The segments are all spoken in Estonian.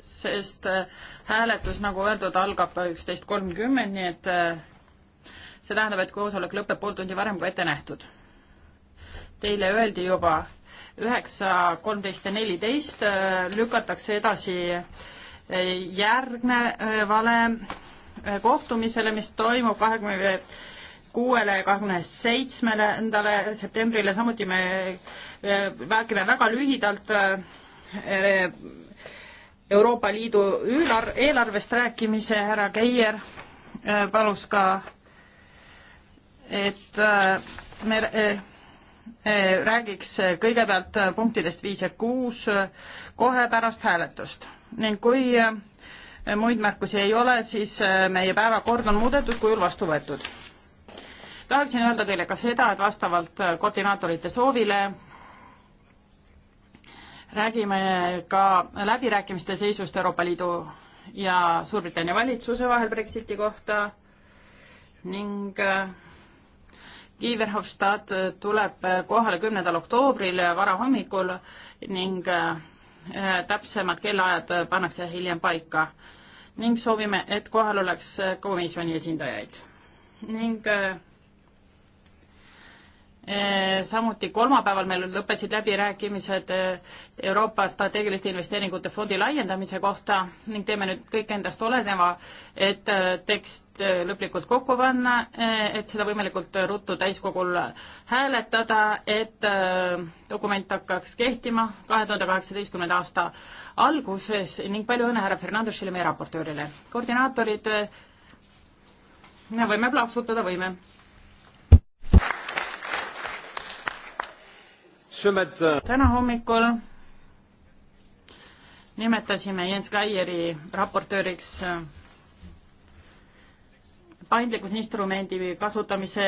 sest äh, hääletus, nagu öeldud, algab üksteist kolmkümmend, nii et äh, see tähendab, et koosolek lõpeb pool tundi varem kui ette nähtud. Teile öeldi juba üheksa, kolmteist ja neliteist äh, lükatakse edasi järgnevale kohtumisele, mis toimub kahekümne kuuele, kahekümne seitsmendale septembrile, samuti me räägime väga lühidalt Euroopa Liidu üülar-, eelarvest rääkimise härra Keier äh, palus ka, et äh, me äh, räägiks kõigepealt punktidest viis ja kuus kohe pärast hääletust ning kui muid märkusi ei ole, siis meie päevakord on muudetud kujul vastu võetud. tahaksin öelda teile ka seda, et vastavalt koordinaatorite soovile räägime ka läbirääkimiste seisust Euroopa Liidu ja Suurbritannia valitsuse vahel Brexiti kohta ning äh, Guy Verhofstadt tuleb kohale kümnendal oktoobril varahommikul ning äh, täpsemad kellaajad pannakse hiljem paika ning soovime, et kohal oleks komisjoni esindajaid ning äh, Eh, samuti kolmapäeval meil lõppesid läbirääkimised eh, Euroopa strateegiliste investeeringute fondi laiendamise kohta ning teeme nüüd kõik endast oleneva, et eh, tekst lõplikult kokku panna, et seda võimalikult ruttu täiskogul hääletada, et dokument hakkaks kehtima kahe tuhande kaheksateistkümnenda aasta alguses ning palju õnne härra Fernandesile, meie raportöörile. koordinaatorid, me võime plaksutada, võime täna hommikul nimetasime Jens Kaieri raportööriks äh, paindlikkusinstrumendi kasutamise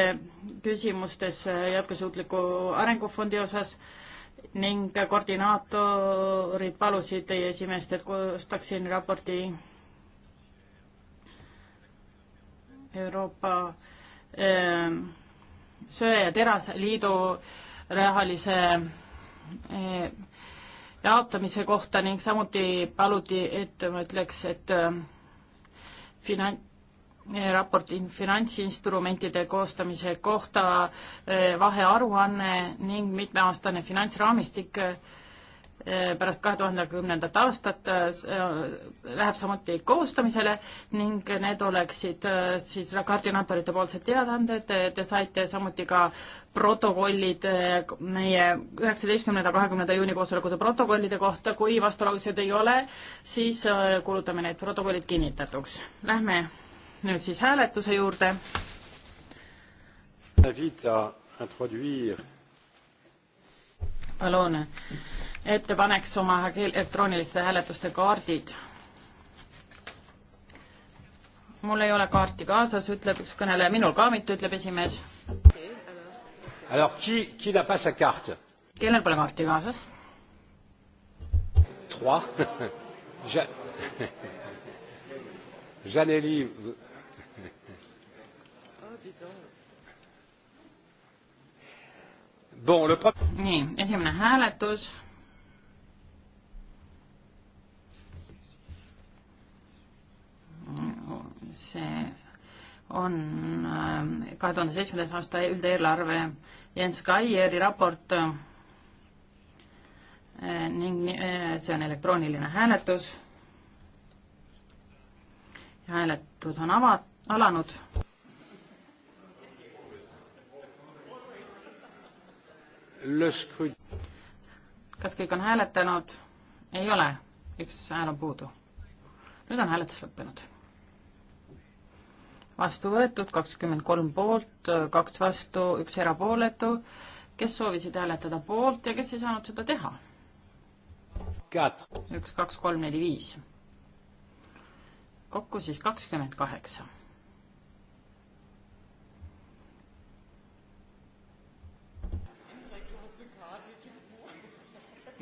küsimustes äh, jätkusuutliku arengufondi osas ning koordinaatorid palusid teie esimeest, et koostaksin raporti Euroopa äh, Söe- ja Terasliidu rahalise eh, jaotamise kohta ning samuti paluti, et ma ütleks, et eh, finan-, eh, raport finantsinstrumentide koostamise kohta, vahearuanne ning mitmeaastane finantsraamistik Eh, pärast kahe tuhande kümnendat aastat eh, läheb samuti koostamisele ning need oleksid eh, siis koordinaatorite poolsed teadaanded, te saite samuti ka protokollid meie üheksateistkümnenda, kahekümnenda juuni koosolekute protokollide kohta, kui vastulauseid ei ole, siis kuulutame need protokollid kinnitatuks. Lähme nüüd siis hääletuse juurde. palun ette paneks oma elektrooniliste hääletuste kaardid. mul ei ole kaarti kaasas, ütleb üks kõneleja, minul ka mitte, ütleb esimees. kellel pole kaarti kaasas? trois. Je... Janelli. Bon, le... nii, esimene hääletus see on ähm, kahe tuhande seitsmendast aasta üldeelarve Jens Kaieri raport äh, ning äh, see on elektrooniline hääletus. hääletus on ava-, alanud. kas kõik on hääletanud? ei ole, üks hääl on puudu. nüüd on hääletus lõppenud vastu võetud, kakskümmend kolm poolt, kaks vastu, üks erapooletu, kes soovisid hääletada poolt ja kes ei saanud seda teha. üks, kaks, kolm, neli, viis. kokku siis kakskümmend kaheksa.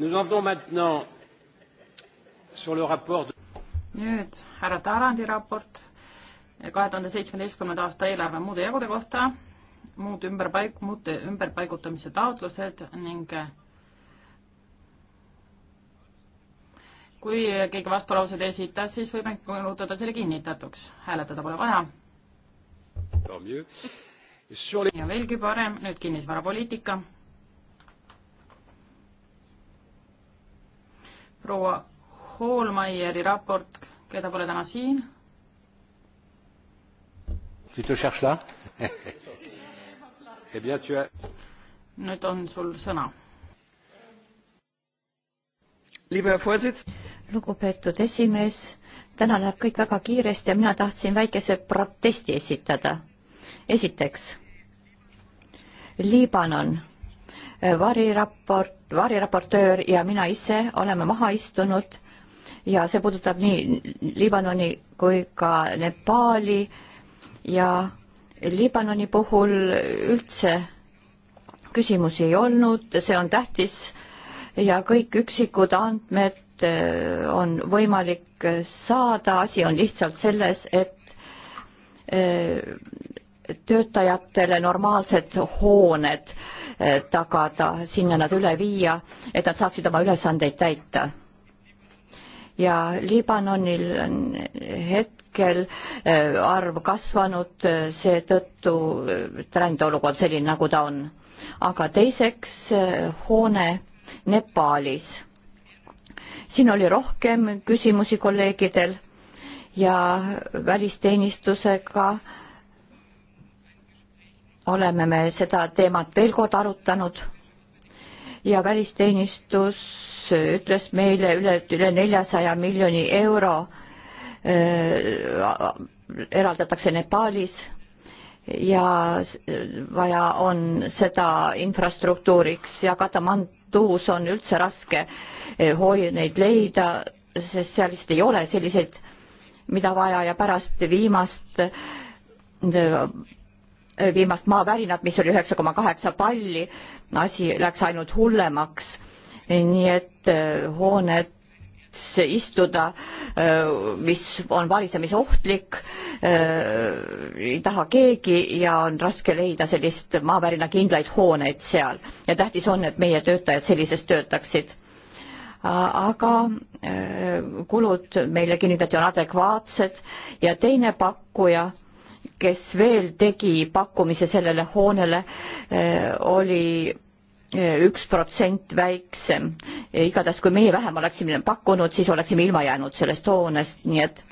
Nous en venons maintenant sur le rapport de... nüüd härra Tarandi raport kahe tuhande seitsmeteistkümnenda aasta eelarve muude jagude kohta, muud ümberpaik-, muude ümberpaigutamise taotlused ning kui keegi vastulauseid esitas, siis võime kuulutada selle kinnitatuks, hääletada pole vaja. ja veelgi parem, nüüd kinnisvarapoliitika. proua Hoolmeieri raport, keda pole täna siin Tu te cherches là Eh bien, tu as... Nüüd on sul sõna. lugupeetud esimees, täna läheb kõik väga kiiresti ja mina tahtsin väikese protesti esitada. esiteks, Liibanon, variraport, variraportöör ja mina ise oleme maha istunud ja see puudutab nii Liibanoni kui ka Nepaali äh, ja Liibanoni puhul üldse küsimusi ei olnud, see on tähtis ja kõik üksikud andmed äh, on võimalik saada, asi on lihtsalt selles, et äh, töötajatele normaalsed hooned äh, tagada, sinna nad üle viia, et nad saaksid oma ülesandeid täita ja Liibanonil on hetkel äh, arv kasvanud, äh, seetõttu äh, rändeolukord selline, nagu ta on. aga teiseks hoone Nepaalis. siin oli rohkem küsimusi kolleegidel ja välisteenistusega oleme me seda teemat veel kord arutanud ja välisteenistus ütles meile üle, üle neljasaja miljoni euro äh, eraldatakse Nepaalis ja vaja on seda infrastruktuuriks ja Katamanduus on üldse raske äh, hooneid leida, sest seal lihtsalt ei ole selliseid, mida vaja ja pärast viimast äh, viimast maavärinat, mis oli üheksa koma kaheksa palli, asi läks ainult hullemaks nii et eh, hooned istuda, eh, mis on varisemisohtlik, eh, ei taha keegi ja on raske leida sellist maavärinakindlaid hooneid seal ja tähtis on, et meie töötajad sellises töötaksid aga kulud meile kinnitati, on adekvaatsed ja teine pakkuja, kes veel tegi pakkumise sellele hoonele, oli üks protsent väiksem. igatahes, kui meie vähem oleksime pakkunud, siis oleksime ilma jäänud sellest hoonest, nii et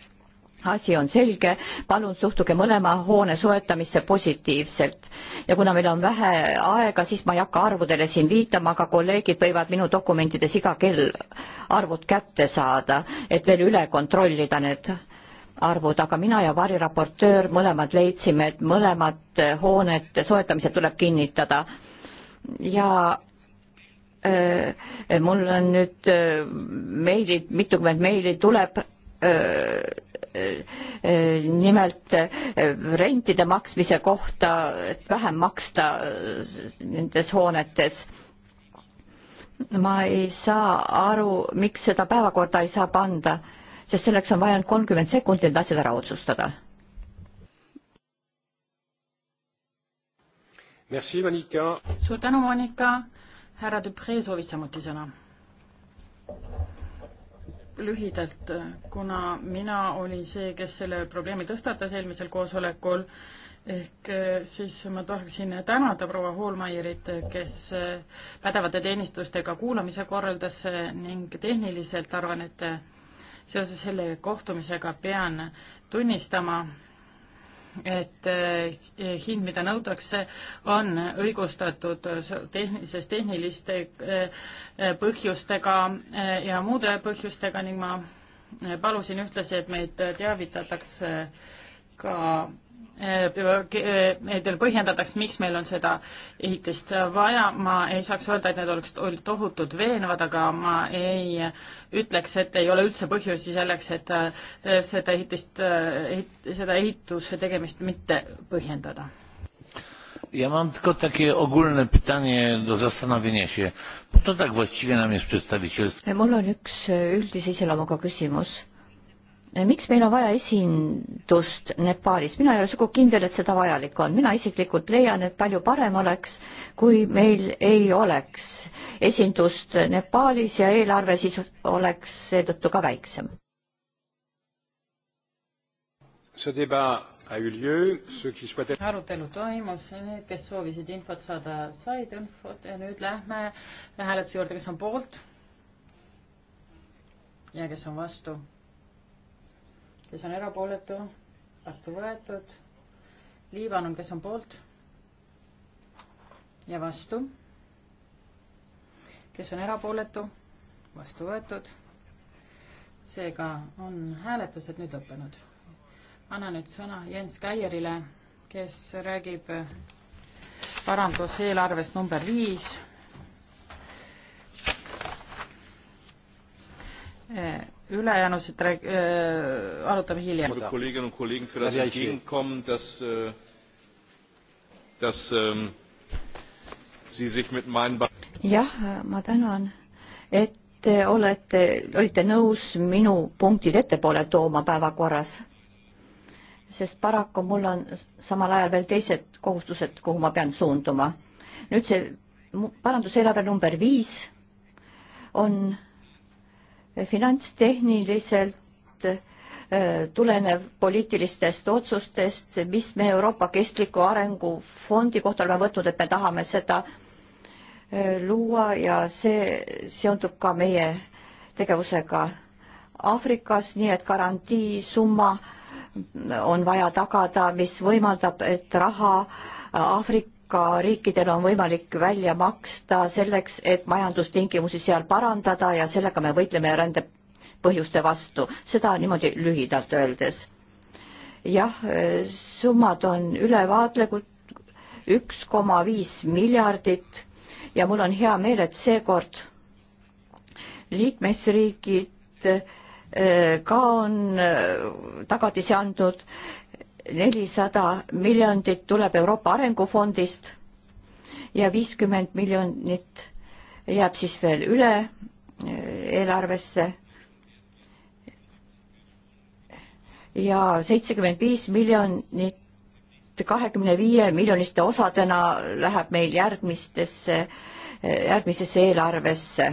asi on selge, palun suhtuge mõlema hoone soetamisse positiivselt. ja kuna meil on vähe aega, siis ma ei hakka arvudele siin viitama, aga kolleegid võivad minu dokumentides iga kell arvud kätte saada, et veel üle kontrollida need arvud, aga mina ja variraportöör mõlemad leidsime, et mõlemad hooned soetamisel tuleb kinnitada ja öö, äh, mul on nüüd öö, äh, meilid, mitukümmend meili tuleb öö, äh, nimelt rentide maksmise kohta, et vähem maksta nendes hoonetes. ma ei saa aru, miks seda päevakorda ei saa panda, sest selleks on vaja ainult kolmkümmend sekundit asjad ära otsustada Merci, Monika. suur tänu, Monika. härra Dupree soovis samuti sõna. lühidalt, kuna mina olin see, kes selle probleemi tõstatas eelmisel koosolekul, ehk eh, siis ma tahaksin tänada proua Hoolmeierit, kes eh, pädevate teenistustega kuulamise korraldas eh, ning tehniliselt arvan, et seoses selle kohtumisega pean tunnistama, et eh, hind, mida nõutakse, on õigustatud tehnilisest, tehniliste eh, põhjustega eh, ja muude põhjustega ning ma palusin ühtlasi, et meid teavitataks ka teil äh, äh, äh, põhjendataks, miks meil on seda ehitist vaja, ma ei saaks öelda, et need oleks tohutult veenvad, aga ma ei ütleks, et ei ole üldse põhjusi selleks, et seda ehitist, seda ehituse tegemist mitte põhjendada. Ja mam tylko takie ogólne pytanie do zastanowienia się. Po co tak właściwie nam jest przedstawicielstwo? Mul on üks üldise iseloomuga küsimus Eh, miks meil on vaja esindust Nepaalis, mina ei ole sugugi kindel, et seda vajalik on, mina isiklikult leian, et palju parem oleks, kui meil ei oleks esindust Nepaalis ja eelarve siis oleks seetõttu ka väiksem. arutelu toimus, need, kes soovisid infot saada, said infot ja nüüd lähme hääletuse juurde, kes on poolt ja kes on vastu kes on erapooletu, vastu võetud. Liibanon, kes on poolt ja vastu, kes on erapooletu, vastu võetud. seega on hääletused nüüd lõppenud. annan nüüd sõna Jens Käierile, kes räägib paranduseelarvest number viis ülejäänusid äh, arutame hiljem. Kolleginnen und Kollegen für das Entgegenkommen, dass, äh, dass ähm, Sie sich mit meinen jah, ma tänan, et te olete, olite nõus minu punktid ettepoole tooma päevakorras. sest paraku mul on samal ajal veel teised kohustused, kuhu ma pean suunduma. nüüd see paranduseelarve number viis on finantstehniliselt äh, tulenev poliitilistest otsustest, mis me Euroopa Kestliku Arengu Fondi kohta oleme võtnud, et me tahame seda äh, luua ja see seondub ka meie tegevusega Aafrikas, nii et garantiisumma on vaja tagada, mis võimaldab, et raha Aafrika ka riikidel on võimalik välja maksta selleks, et majandustingimusi seal parandada ja sellega me võitleme rände põhjuste vastu, seda niimoodi lühidalt öeldes. jah, summad on ülevaatlikud, üks koma viis miljardit ja mul on hea meel, et seekord liikmesriigid eh, ka on eh, tagatisi andnud nelisada miljondit tuleb Euroopa Arengufondist ja viiskümmend miljonit jääb siis veel üle eh, eelarvesse. ja seitsekümmend viis miljonit kahekümne viie miljoniste osadena läheb meil järgmistesse, eh, järgmisesse eelarvesse.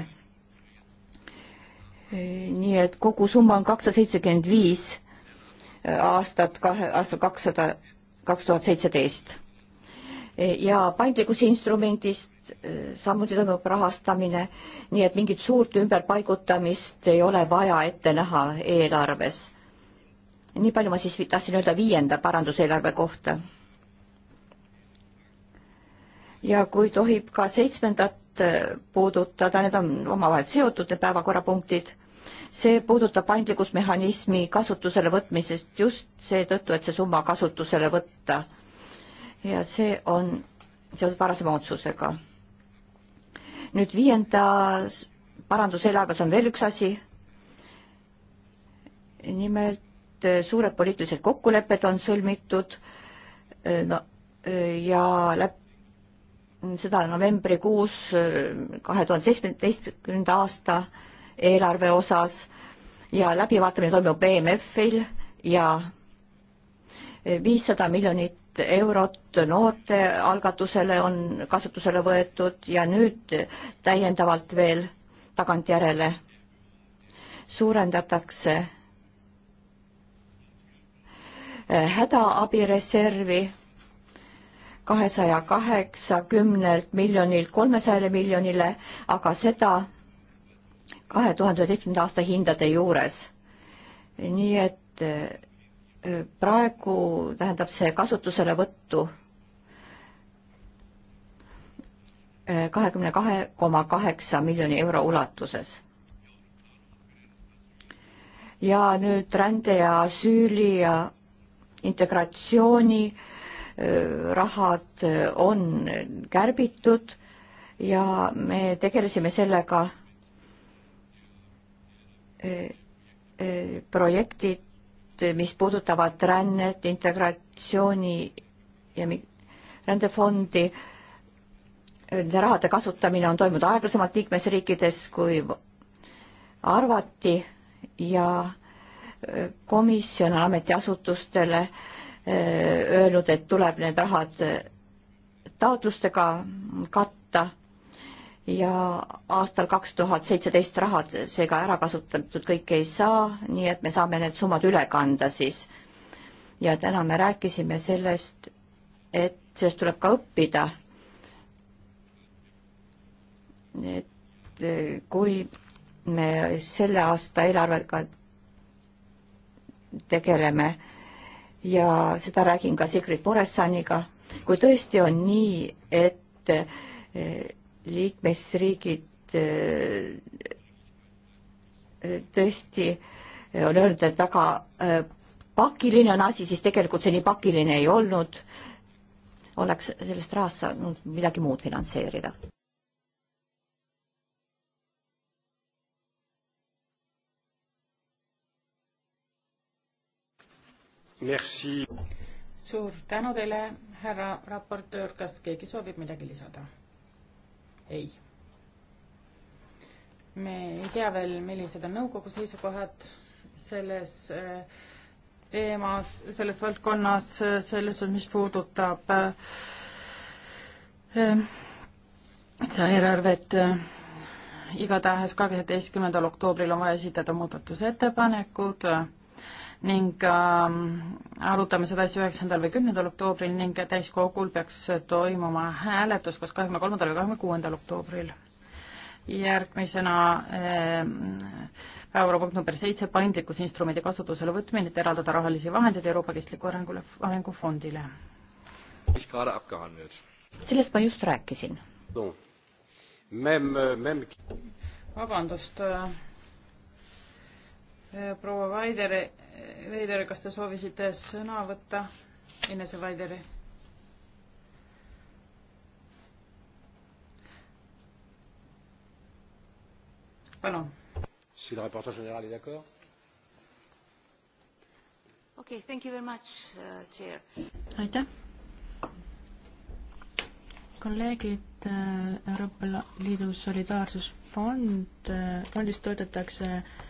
Eh, nii et kogusumma on kakssada seitsekümmend viis aastat kahe, aastal kakssada, kaks tuhat seitseteist. ja paindlikkuse instrumendist e, samuti toimub rahastamine, nii et mingit suurt ümberpaigutamist ei ole vaja ette näha eelarves. nii palju ma siis tahtsin öelda viienda paranduseelarve kohta. ja kui tohib ka seitsmendat e, puudutada, need on omavahel seotud, need päevakorrapunktid see puudutab paindlikkusmehhanismi kasutusele võtmisest just seetõttu, et see summa kasutusele võtta. ja see on seoses varasema otsusega. nüüd viiendas paranduseelarves on veel üks asi. nimelt eh, suured poliitilised kokkulepped on sõlmitud eh, no, eh, ja läb-, seda novembrikuus kahe tuhande seitsmeteistkümnenda aasta eelarve osas ja läbivaatamine toimub EMF-il ja viissada miljonit eurot noorte algatusele on kasutusele võetud ja nüüd täiendavalt veel tagantjärele suurendatakse eh, hädaabireservi kahesaja kaheksakümnelt miljonilt kolmesajale miljonile, aga seda kahe tuhande üheteistkümnenda aasta hindade juures. nii et eh, praegu tähendab see kasutuselevõttu eh, kahekümne kahe koma kaheksa miljoni euro ulatuses. ja nüüd rände ja asüüli ja integratsiooni eh, rahad on kärbitud ja me tegelesime sellega Äh, äh, projektid, mis puudutavad rännet, integratsiooni ja rändefondi. Nende rahade kasutamine on toimunud aeglasemalt liikmesriikides, kui arvati ja äh, komisjon on ametiasutustele öelnud, et tuleb need rahad taotlustega katta ja aastal kaks tuhat seitseteist rahad seega ära kasutatud kõike ei saa, nii et me saame need summad üle kanda siis. ja täna me rääkisime sellest, et sellest tuleb ka õppida. et e, kui me selle aasta eelarvega tegeleme ja seda räägin ka Sigrid Poressaniga, kui tõesti on nii, et e, liikmesriigid eh, eh, tõesti eh, on öelnud, et väga pakiline on asi, siis tegelikult see nii pakiline ei olnud. oleks sellest rahast saanud midagi muud finantseerida. suur tänu teile, härra raportöör, kas keegi soovib midagi lisada? ei. me ei tea veel, millised on nõukogu seisukohad selles äh, teemas, selles valdkonnas, selles, mis puudutab äh, äh, eelarvet igatahes kaheteistkümnendal oktoobril on vaja esitada muudatusettepanekud ning äh, arutame seda siis üheksandal või kümnendal oktoobril ning täiskogul peaks toimuma hääletus kas kahekümne kolmandal või kahekümne kuuendal oktoobril. järgmisena äh, päevakorrapunkt number seitse, paindlikkusinstrumendi kasutusele võtmine, et eraldada rahalisi vahendeid Euroopa Kestliku Arengule, Arengufondile. sellest ma just rääkisin no.. vabandust äh, äh, proua Vaider Veider, kas te soovisite sõna võtta Inese Vaideri? palun. Si le rapporteur général est d'accord. Okay, thank you very much, uh, chair. aitäh. kolleegid, uh, Euroopa Liidu solidaarsusfond, uh, fondist toetatakse äh,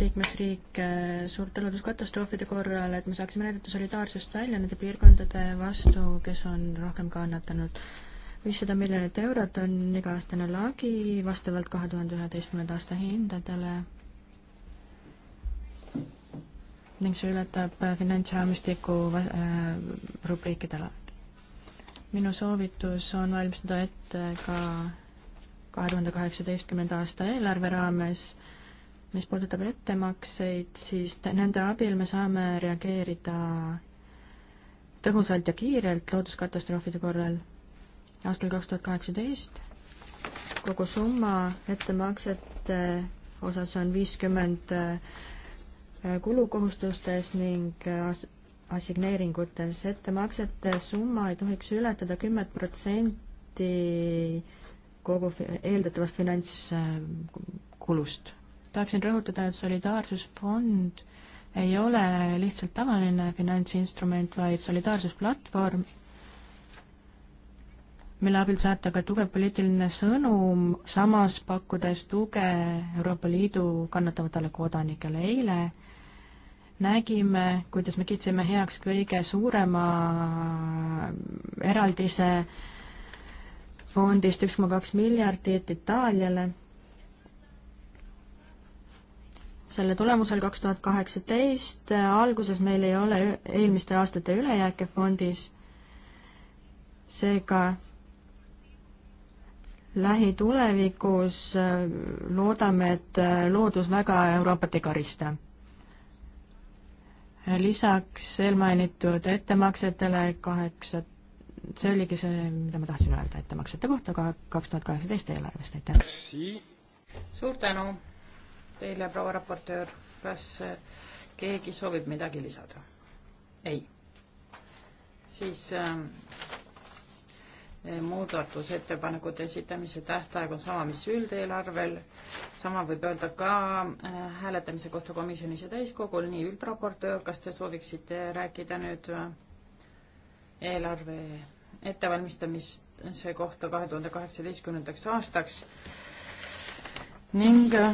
liikmesriike suurte looduskatastroofide korral, et me saaksime näidata solidaarsust välja nende piirkondade vastu, kes on rohkem kannatanud. viissada miljonit eurot on iga-aastane lagi vastavalt kahe tuhande üheteistkümnenda aasta hindadele ning see ületab finantsraamistiku äh, rubriikide alati. minu soovitus on valmistada ette ka kahe tuhande kaheksateistkümnenda aasta eelarve raames äh, mis puudutab ettemakseid, siis nende abil me saame reageerida tõhusalt ja kiirelt looduskatastroofide korral. aastal kaks tuhat kaheksateist kogu summa ettemaksete osas on viiskümmend äh, kulukohustustes ning äh, assigneeringutes. ettemaksete summa ei tohiks ületada kümmet protsenti kogu eeldatavast finantskulust äh, tahaksin rõhutada, et solidaarsusfond ei ole lihtsalt tavaline finantsinstrument, vaid solidaarsusplatvorm, mille abil saata ka tugev poliitiline sõnum, samas pakkudes tuge Euroopa Liidu kannatavatele kodanikele. eile nägime, kuidas me kiitsime heaks kõige suurema eraldise fondist üks koma kaks miljardit Itaaliale selle tulemusel kaks tuhat kaheksateist äh, alguses meil ei ole eelmiste aastate ülejääke fondis, seega lähitulevikus äh, loodame, et äh, loodus väga Euroopat ei karista. lisaks eelmainitud ettemaksetele kaheksa, see oligi see, mida ma tahtsin öelda ettemaksete kohta ka kaks tuhat kaheksateist eelarvest, aitäh! suur tänu! teile, proua raportöör, kas äh, keegi soovib midagi lisada? ei. siis äh, muudatusettepanekute esitamise tähtaeg on sama, mis üldeelarvel, sama võib öelda ka äh, hääletamise kohta komisjonis ja täiskogul, nii üldraportöör, kas te sooviksite rääkida nüüd äh, eelarve ettevalmistamise kohta kahe tuhande kaheksateistkümnendaks aastaks ning äh,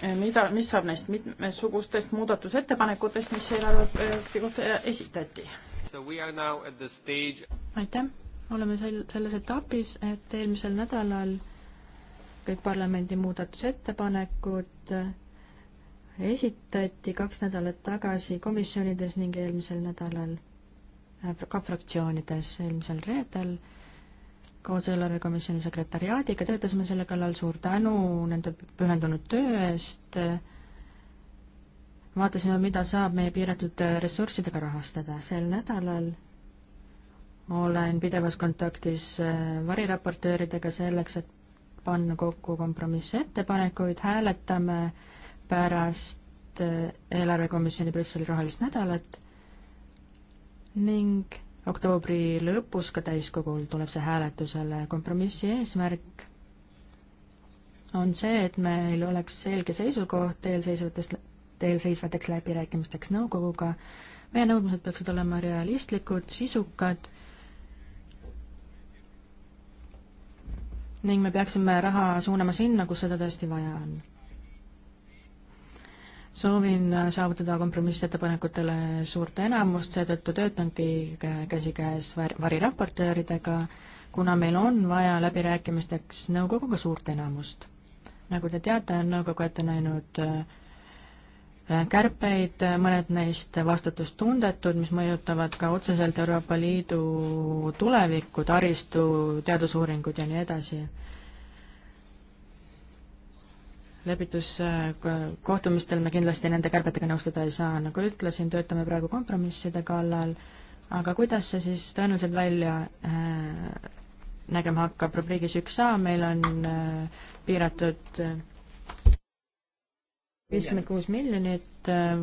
Eh, mida, mis saab neist mitmesugustest muudatusettepanekutest, mis eelarve kohta eh, esitati? aitäh, oleme sel, selles etapis, et eelmisel nädalal kõik parlamendi muudatusettepanekud eh, esitati kaks nädalat tagasi komisjonides ning eelmisel nädalal ka fraktsioonides, eelmisel reedel äh, koos eelarvekomisjoni sekretäriaadiga töötasime selle kallal, suur tänu nende pühendunud töö eest, vaatasime, mida saab meie piiratud ressurssidega rahastada. sel nädalal olen pidevas kontaktis äh, variraportööridega selleks, et panna kokku kompromissettepanekuid, hääletame pärast äh, eelarvekomisjoni Brüsseli rohelist nädalat ning oktoobri lõpus ka täiskogul tuleb see hääletusele. kompromissi eesmärk on see, et meil oleks selge seisukoht eelseisvatest, eelseisvateks läbirääkimisteks nõukoguga. meie nõudmised peaksid olema realistlikud, sisukad ning me peaksime raha suunama sinna, kus seda tõesti vaja on soovin saavutada kompromissettepanekutele suurt enamust, seetõttu töötangi käsikäes variraportööridega, kuna meil on vaja läbirääkimisteks nõukoguga suurt enamust. nagu te teate, on nõukogu ette näinud äh, kärpeid, mõned neist vastutustundetud, mis mõjutavad ka otseselt Euroopa Liidu tulevikku, taristu, teadusuuringud ja nii edasi lepituskohtumistel me kindlasti nende kärbetega nõustuda ei saa, nagu ütlesin, töötame praegu kompromisside kallal, aga kuidas see siis tõenäoliselt välja äh, nägema hakkab, rubriigis üks A meil on äh, piiratud äh, viiskümmend äh, kuus miljonit äh,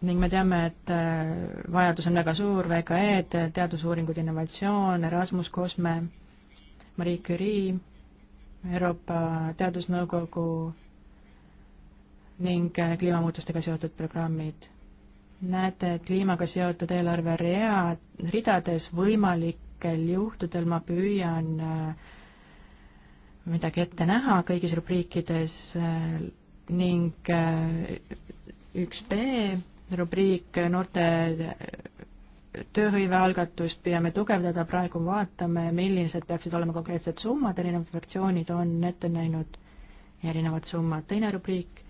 ning me teame, et äh, vajadus on väga suur, VKE-d, teadusuuringud, innovatsioon, Erasmus, Cosme, Marie Curie, Euroopa Teadusnõukogu ning kliimamuutustega seotud programmid. näete, et kliimaga seotud eelarve rea, ridades võimalikel juhtudel ma püüan äh, midagi ette näha kõigis rubriikides äh, ning äh, üks B rubriik noorte tööhõivealgatust püüame tugevdada, praegu vaatame, millised peaksid olema konkreetsed summad, erinevad fraktsioonid on ette näinud erinevad summad. teine rubriik,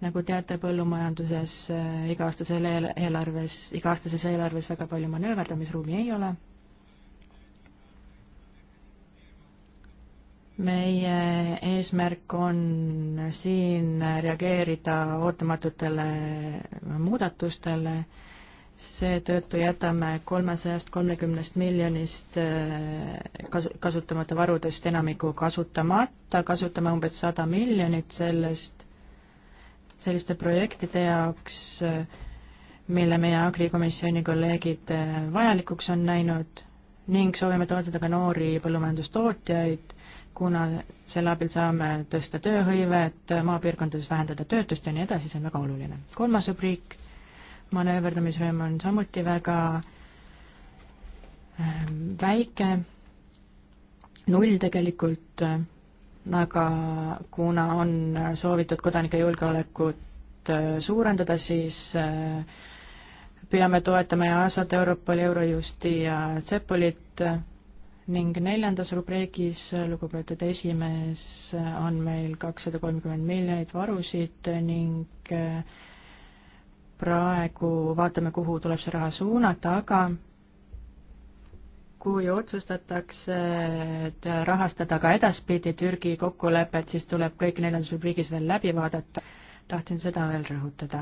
nagu teate, põllumajanduses äh, iga-aastasel eelarves, iga-aastases eelarves väga palju manööverdamisruumi ei ole. meie eesmärk on siin reageerida ootamatutele muudatustele seetõttu jätame kolmesajast kolmekümnest miljonist äh, kasu, kasutamata varudest enamiku kasutamata, kasutame umbes sada miljonit sellest, selliste projektide jaoks, äh, mille meie agrikomisjoni kolleegid äh, vajalikuks on näinud ning soovime toetada ka noori põllumajandustootjaid, kuna selle abil saame tõsta tööhõivet, maapiirkondades vähendada töötust ja nii edasi, see on väga oluline. kolmas rubriik manööverdamisvõim on samuti väga äh, väike, null tegelikult, äh, aga kuna on äh, soovitud kodanike julgeolekut suurendada, siis peame toetama EASA-t, Europoli, Eurojusti ja Cepolit ning neljandas rubriigis, lugupeetud esimees, on meil kakssada kolmkümmend miljonit varusid ning praegu vaatame, kuhu tuleb see raha suunata, aga kui otsustatakse rahastada ka edaspidi Türgi kokkulepet, siis tuleb kõik neljandas rubriigis veel läbi vaadata. tahtsin seda veel rõhutada.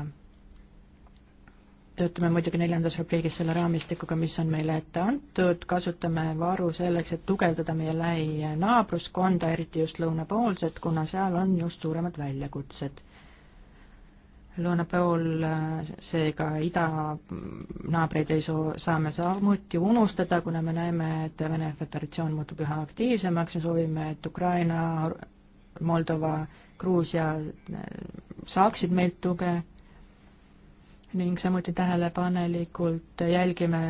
töötame muidugi neljandas rubriigis selle raamistikuga, mis on meile ette antud, kasutame varu selleks, et tugevdada meie lähinaabruskonda, eriti just lõunapoolset, kuna seal on just suuremad väljakutsed lõuna pool, seega idanaabreid ei soo-, saame samuti unustada, kuna me näeme, et Vene Föderatsioon muutub üha aktiivsemaks, me soovime, et Ukraina, Moldova, Gruusia äh, saaksid meilt tuge ning samuti tähelepanelikult jälgime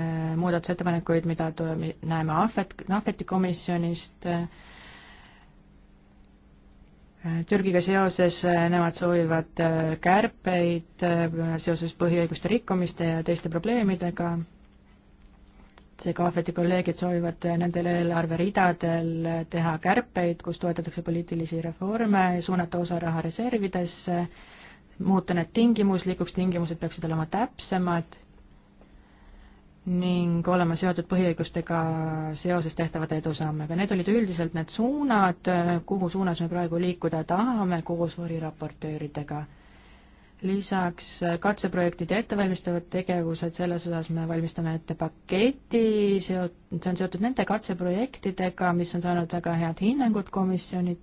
muudatusettepanekuid, mida to-, näeme ahvet, ahvetikomisjonist äh,, Türgiga seoses äh, nemad soovivad äh, kärpeid äh, seoses põhiõiguste rikkumiste ja teiste probleemidega, seega ahveti kolleegid soovivad nendel eelarveridadel teha kärpeid, kus toetatakse poliitilisi reforme, suunata osa raha reservidesse, muuta need tingimuslikuks, tingimused peaksid olema täpsemad ning olema seotud põhiõigustega seoses tehtavate edusammega. Need olid üldiselt need suunad, kuhu suunas me praegu liikuda tahame koos variraportööridega. lisaks katseprojektid ja ettevalmistavad tegevused, selles osas me valmistame ette paketi, seot-, see on seotud nende katseprojektidega, mis on saanud väga head hinnangud komisjonilt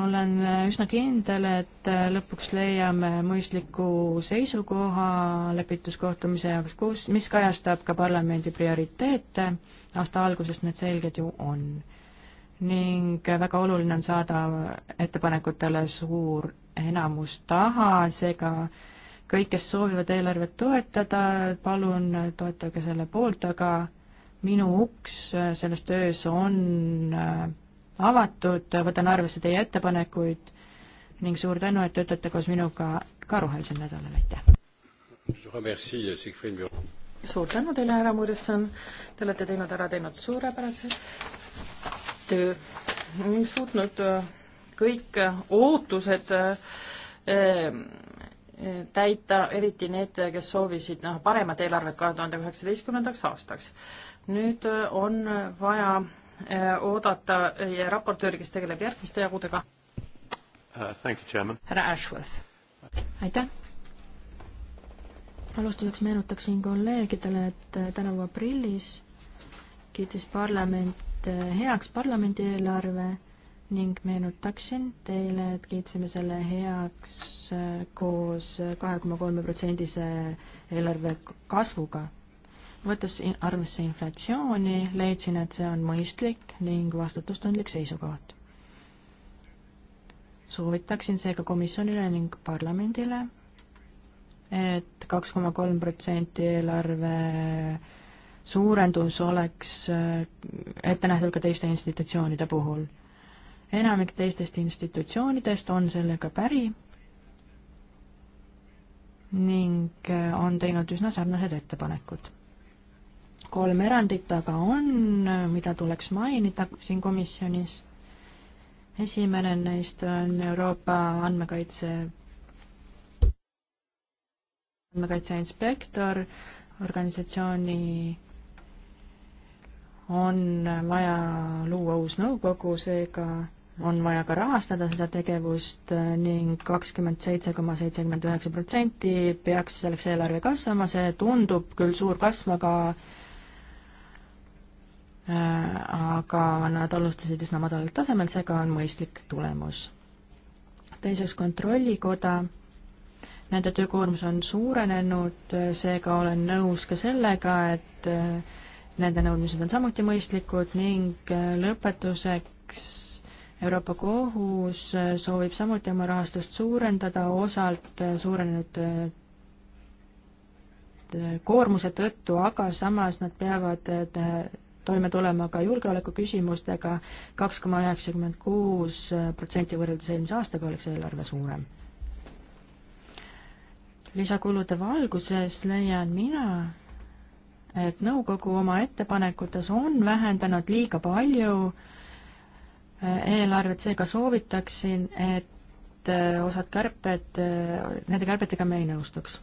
olen üsna kindel, et lõpuks leiame mõistliku seisukoha lepituskohtumise jaoks, kus, mis kajastab ka parlamendi prioriteete, aasta alguses need selged ju on. ning väga oluline on saada ettepanekutele suur enamus taha, seega kõik, kes soovivad eelarvet toetada, palun toetage selle poolt, aga minu uks selles töös on äh, avatud, võtan arvesse teie ettepanekuid ning suur tänu, et töötate koos minuga ka rohelisel nädalal, aitäh! Euh, suur tänu teile, härra Murison, te olete teinud, ära teinud suurepärase töö ning suutnud äh, kõik äh, ootused äh, täita, eriti need, kes soovisid noh, paremat eelarvet kahe tuhande üheksateistkümnendaks aastaks. nüüd on vaja Äh, oodata äh, raportööri, kes tegeleb järgmiste jagudega uh,. härra Ashworth. aitäh. alustuseks meenutaksin kolleegidele, et äh, tänavu aprillis kiitis parlament heaks parlamendi eelarve ning meenutaksin teile, et kiitsime selle heaks koos kahe koma kolme protsendise eelarve kasvuga võttes arvesse inflatsiooni, leidsin, et see on mõistlik ning vastutustundlik seisukoht. soovitaksin seega komisjonile ning parlamendile, et kaks koma kolm protsenti eelarve suurendus oleks äh, ette nähtud ka teiste institutsioonide puhul. enamik teistest institutsioonidest on sellega päri ning äh, on teinud üsna sarnased ettepanekud kolm erandit aga on, mida tuleks mainida siin komisjonis. esimene neist on Euroopa andmekaitse, andmekaitse inspektor, organisatsiooni on vaja luua uus nõukogu, seega on vaja ka rahastada seda tegevust ning kakskümmend seitse koma seitsekümmend üheksa protsenti peaks selleks eelarve kasvama, see tundub küll suur kasv, aga Äh, aga nad alustasid üsna madalalt tasemel, seega on mõistlik tulemus. teiseks, Kontrollikoda, nende töökoormus on suurenenud, seega olen nõus ka sellega, et äh, nende nõudmised on samuti mõistlikud ning äh, lõpetuseks Euroopa Kohus soovib samuti oma rahastust suurendada osalt suurenenud koormuse tõttu, aga samas nad peavad toime tulema ka julgeolekuküsimustega, kaks koma üheksakümmend kuus protsenti võrreldes eelmise aastaga oleks eelarve suurem. lisakulude valguses leian mina, et nõukogu oma ettepanekutes on vähendanud liiga palju äh, eelarvet, seega soovitaksin, et äh, osad kärped, äh, nende kärbetega me ei nõustuks.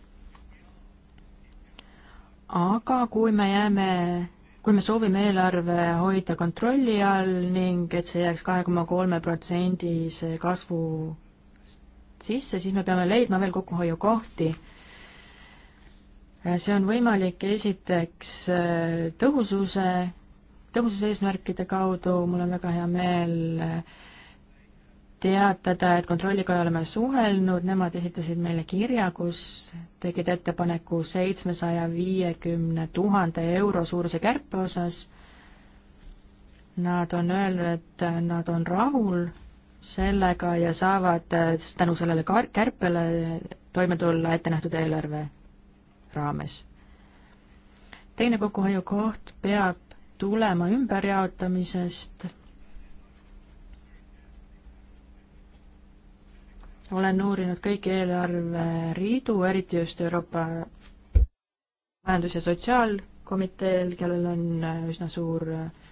aga kui me jääme kui me soovime eelarve hoida kontrolli all ning et see jääks kahe koma kolme protsendise kasvu sisse, siis me peame leidma veel kokkuhoiukohti. see on võimalik esiteks äh, tõhususe, tõhususe eesmärkide kaudu, mul on väga hea meel äh, teatada, et Kontrollikoja oleme suhelnud, nemad esitasid meile kirja, kus tegid ettepaneku seitsmesaja viiekümne tuhande euro suuruse kärpe osas. Nad on öelnud, et nad on rahul sellega ja saavad tänu sellele kärpele toime tulla ettenähtud eelarve raames. teine kokkuhoiukoht peab tulema ümberjaotamisest olen uurinud kõiki eelarveridu, eriti just Euroopa Majandus- ja Sotsiaalkomiteel, kellel on äh, üsna suur äh,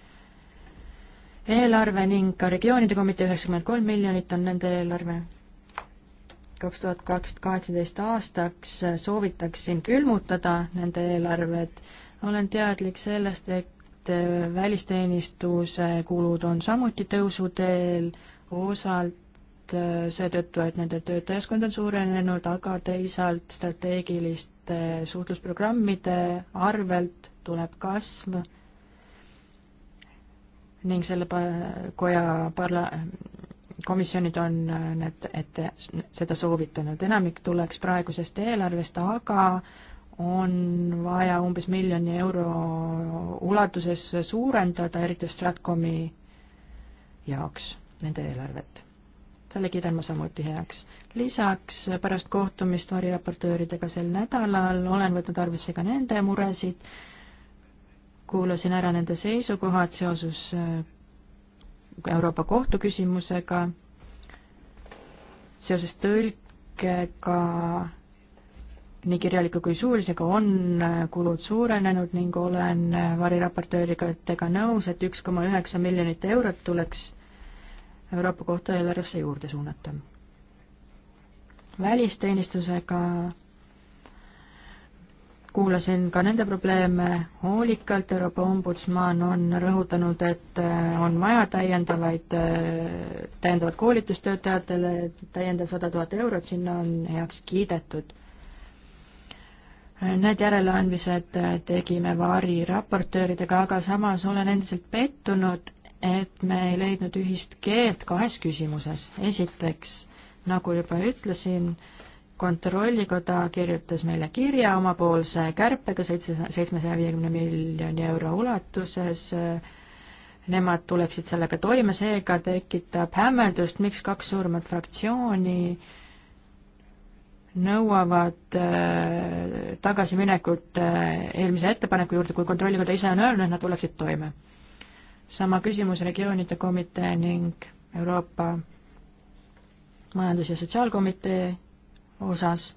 eelarve ning ka regioonide komitee, üheksakümmend kolm miljonit on nende eelarve. kaks tuhat kaheksateist aastaks äh, soovitaksin külmutada nende eelarved. olen teadlik sellest, et välisteenistuse kulud on samuti tõusuteel, osalt Äh, seetõttu, et nende töötajaskond on suurenenud, aga teisalt strateegiliste suhtlusprogrammide arvelt tuleb kasv ning selle pa-, koja parla-, komisjonid on äh, need, et seda soovitanud, enamik tuleks praegusest eelarvest, aga on vaja umbes miljoni euro ulatuses suurendada, eriti Stratkomi jaoks, nende eelarvet selle kiidan ma samuti heaks. lisaks pärast kohtumist variraportööridega sel nädalal olen võtnud arvesse ka nende muresid, kuulasin ära nende seisukohad seoses äh, Euroopa Kohtu küsimusega, seoses tõlkega, nii kirjaliku kui suulisega on äh, kulud suurenenud ning olen äh, variraportööridega nõus, et üks koma üheksa miljonit eurot tuleks Euroopa Kohtu eelarvesse juurde suunata. välisteenistusega kuulasin ka nende probleeme hoolikalt, Euroopa ombudsman on rõhutanud, et äh, on vaja täiendavaid, äh, täiendavat koolitust töötajatele, täiendav sada tuhat eurot, sinna on heaks kiidetud. Need järeleandmised äh, tegime variraportööridega, aga samas olen endiselt pettunud, et me ei leidnud ühist keelt kahes küsimuses. esiteks, nagu juba ütlesin, kontrollikoda kirjutas meile kirja omapoolse kärpega seitse, seitsmesaja viiekümne miljoni euro ulatuses, nemad tuleksid sellega toime, seega tekitab hämmeldust, miks kaks suuremat fraktsiooni nõuavad äh, tagasiminekut äh, eelmise ettepaneku juurde, kui kontrollikoda ise on öelnud, et nad tuleksid toime sama küsimus regioonide komitee ning Euroopa Majandus- ja Sotsiaalkomitee osas.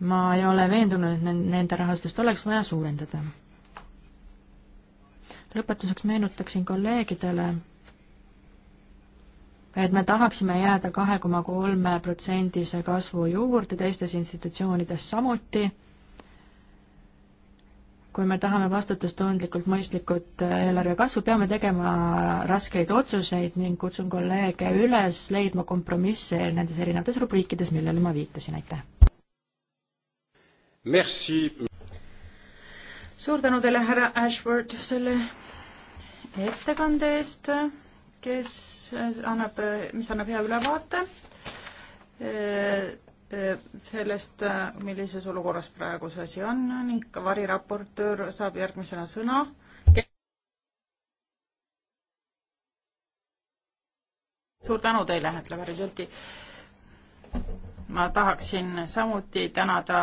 ma ei ole veendunud, et nende rahastust oleks vaja suurendada. lõpetuseks meenutaksin kolleegidele, et me tahaksime jääda kahe koma kolme protsendise kasvu juurde, teistes institutsioonides samuti kui me tahame vastutustundlikult mõistlikult äh, eelarve kasvu, peame tegema raskeid otsuseid ning kutsun kolleege üles leidma kompromisse nendes erinevates rubriikides, millele ma viitasin, aitäh! suur tänu teile, härra Ashford, selle ettekande eest, kes äh, annab, äh, mis annab hea ülevaate sellest, millises olukorras praegu see asi on ning variraportöör saab järgmisena sõna. suur tänu teile, ütleb härra Želti. ma tahaksin samuti tänada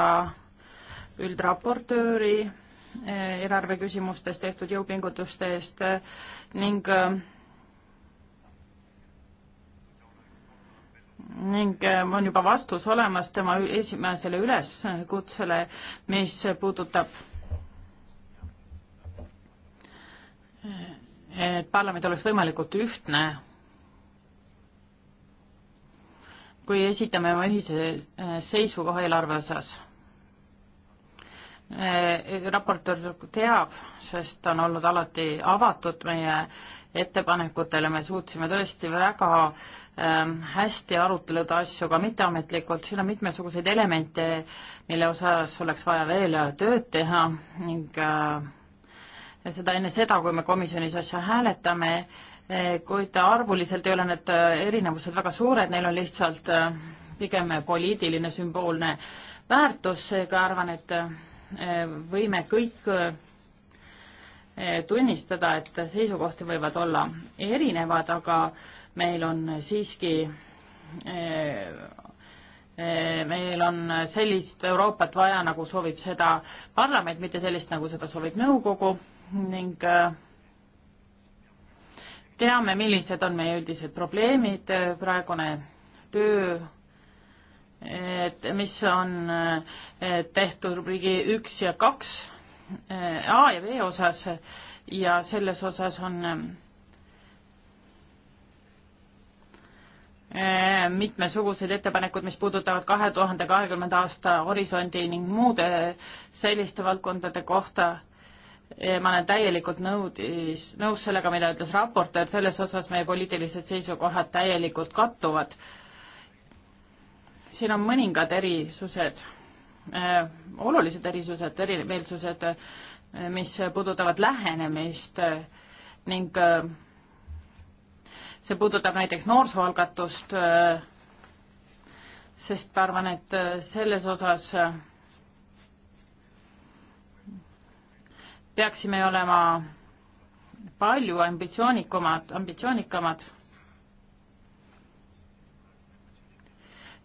üldraportööri eh, eelarve küsimustes tehtud jõupingutuste eest eh, ning äh, ning äh, on juba vastus olemas tema esimesele üleskutsele, mis puudutab et parlament oleks võimalikult ühtne. kui esitame oma ühise äh, seisukoha eelarve osas. Äh, raportöör teab, sest ta on olnud alati avatud meie ettepanekutele, me suutsime tõesti väga ähm, hästi arutleda asju ka mitteametlikult, siin on mitmesuguseid elemente, mille osas oleks vaja veel tööd teha ning äh, ja seda enne seda, kui me komisjonis asja hääletame, äh, kuid arvuliselt ei ole need äh, erinevused väga suured, neil on lihtsalt äh, pigem poliitiline sümboolne väärtus, seega arvan, et võime kõik Eh, tunnistada, et seisukohti võivad olla erinevad, aga meil on siiski, eh, eh, meil on sellist Euroopat vaja, nagu soovib seda parlament, mitte sellist, nagu seda soovib nõukogu ning teame, millised on meie üldised probleemid, praegune töö et mis on tehtud rubriigi üks ja kaks Äh, A ja B osas ja selles osas on äh, mitmesugused ettepanekud, mis puudutavad kahe tuhande kahekümnenda aasta horisondi ning muude selliste valdkondade kohta. Äh, ma olen täielikult nõudis, nõus sellega, mida ütles raportöör, selles osas meie poliitilised seisukohad täielikult kattuvad. siin on mõningad erisused Äh, olulised erisused, erimeelsused, äh, mis puudutavad lähenemist äh, ning see puudutab näiteks noorsooalgatust, sest ma arvan, et selles osas peaksime olema palju ambitsioonikumad, ambitsioonikamad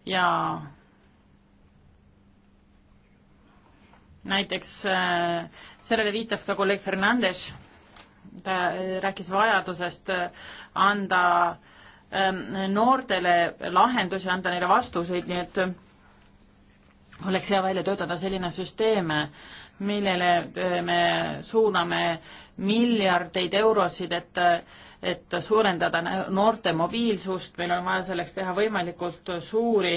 ja näiteks äh, sellele viitas ka kolleeg Fernandes, ta äh, rääkis vajadusest äh, anda ähm, noortele lahendusi, anda neile vastuseid, nii et oleks hea välja töötada selline süsteem, millele me suuname miljardeid eurosid, et et suurendada noorte mobiilsust, meil on vaja selleks teha võimalikult suuri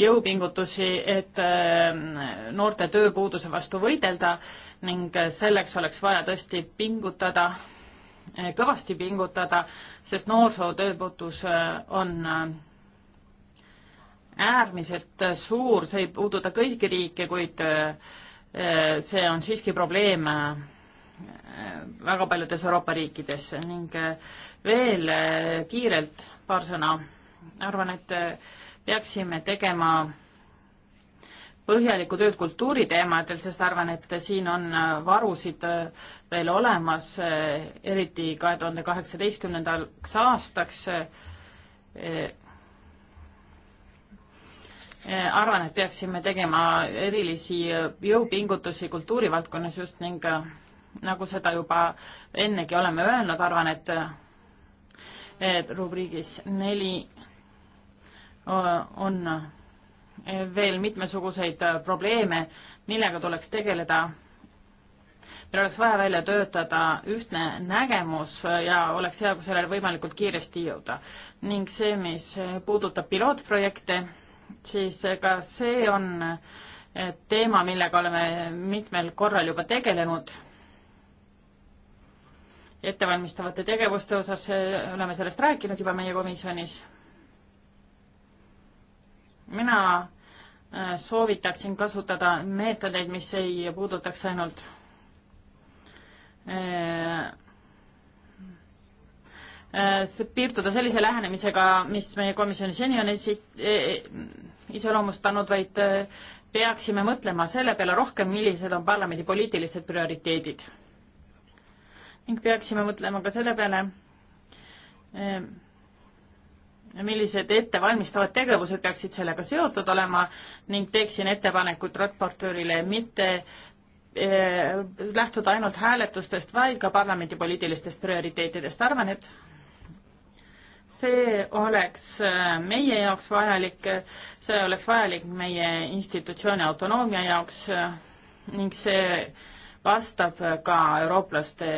jõupingutusi, et äh, noorte tööpuuduse vastu võidelda ning selleks oleks vaja tõesti pingutada, äh, kõvasti pingutada, sest noorsootööpuudus äh, on äärmiselt suur, see ei puuduta kõiki riike, kuid see on siiski probleem väga paljudes Euroopa riikides ning veel äh, kiirelt paar sõna. arvan, et äh, peaksime tegema põhjalikku tööd kultuuriteemadel, sest arvan, et siin on äh, varusid veel olemas, eriti kahe tuhande kaheksateistkümnendaks aastaks. arvan, et peaksime tegema erilisi jõupingutusi kultuurivaldkonnas just ning nagu seda juba ennegi oleme öelnud, arvan, et rubriigis neli on veel mitmesuguseid probleeme, millega tuleks tegeleda. meil oleks vaja välja töötada ühtne nägemus ja oleks hea, kui sellele võimalikult kiiresti jõuda. ning see, mis puudutab pilootprojekte, siis ka see on teema, millega oleme mitmel korral juba tegelenud ettevalmistavate tegevuste osas, eh, oleme sellest rääkinud juba meie komisjonis. mina eh, soovitaksin kasutada meetodeid, mis ei puudutaks ainult see eh, piirduda sellise lähenemisega, mis meie komisjoni seni on esi-, e-, e-, iseloomustanud, vaid peaksime mõtlema selle peale rohkem, millised on parlamendi poliitilised prioriteedid ning peaksime mõtlema ka selle peale, ehm, millised ettevalmistavad tegevused peaksid sellega seotud olema ning teeksin ettepanekut raportöörile mitte ehm, lähtuda ainult hääletustest, vaid ka parlamendi poliitilistest prioriteetidest. arvan, et see oleks ehm, meie jaoks vajalik, see oleks vajalik meie institutsiooni autonoomia jaoks ning see vastab ka eurooplaste,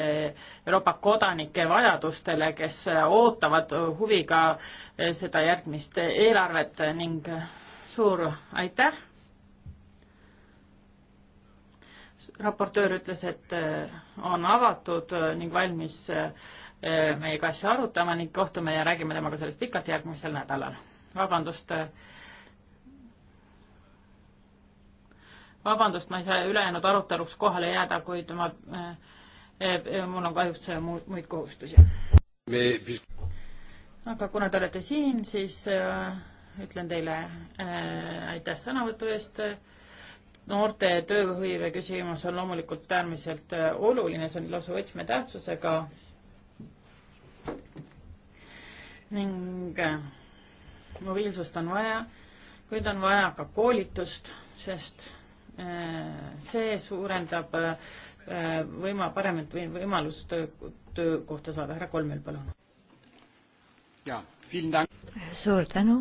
Euroopa kodanike vajadustele, kes ootavad huviga eh, seda järgmist eelarvet ning suur aitäh. raportöör ütles, et eh, on avatud ning valmis eh, meiega asja arutama ning kohtume ja räägime temaga sellest pikalt järgmisel nädalal. vabandust vabandust, ma ei saa ülejäänud aruteluks kohale jääda, kuid ma äh,, mul on kahjuks eh, muud, muid kohustusi Me.... aga kuna te olete siin, siis äh, ütlen teile äh, aitäh sõnavõtu eest. noorte tööhõive küsimus on loomulikult äärmiselt oluline, see on lausa võtmetähtsusega. ning mobiilsust on vaja, kuid on vaja ka koolitust, sest see suurendab äh, võima-, paremat võimalust töökohta saada. härra Kolmel, palun. suur tänu,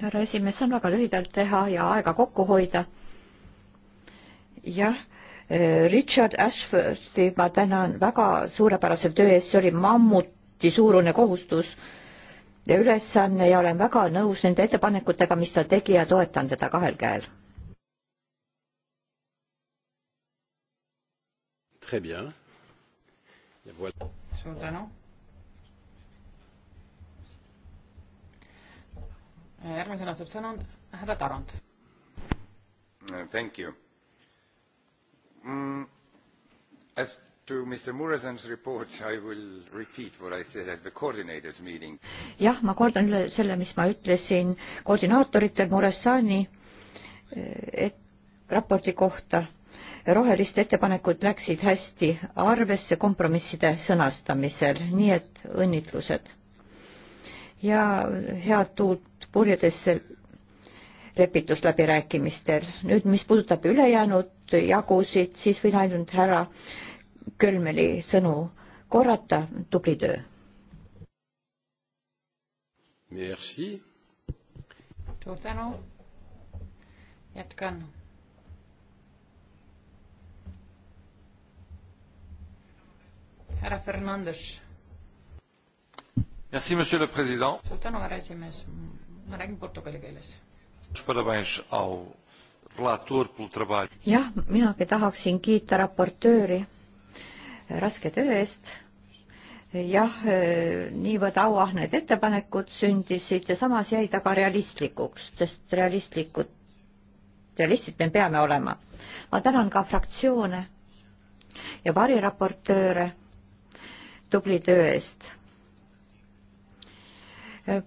härra esimees, saan väga lühidalt teha ja aega kokku hoida. jah äh, Richard Ashfordi ma tänan väga suurepärase töö eest, see oli mammuti suurune kohustus ja ülesanne ja olen väga nõus nende ettepanekutega, mis ta tegi ja toetan teda kahel käel très bien. Voilà. suur tänu. järgmisena saab sõna härra Tarand. Thank you mm,. As to Mr Muresan's report I will repeat what I said at the coordinators meeting. jah, ma kordan üle selle, mis ma ütlesin koordinaatoritel Muresani eh, et raporti kohta roheliste ettepanekud läksid hästi arvesse kompromisside sõnastamisel, nii et õnnitlused. ja head tuult purjedesse lepitusläbirääkimistel. nüüd, mis puudutab ülejäänud jagusid, siis võin ainult härra Kölmeli sõnu korrata, tubli töö. suur tänu. jätkan härra Fernandes. Merci, monsieur le president. suur tänu, härra esimees. ma räägin portugali keeles. jah, minagi tahaksin kiita raportööri raske töö eest jah, niivõrd auahned ettepanekud sündisid ja samas jäi ta ka realistlikuks, sest realistlikud, realistid me peame olema. ma tänan ka fraktsioone ja variraportööre tubli töö eest.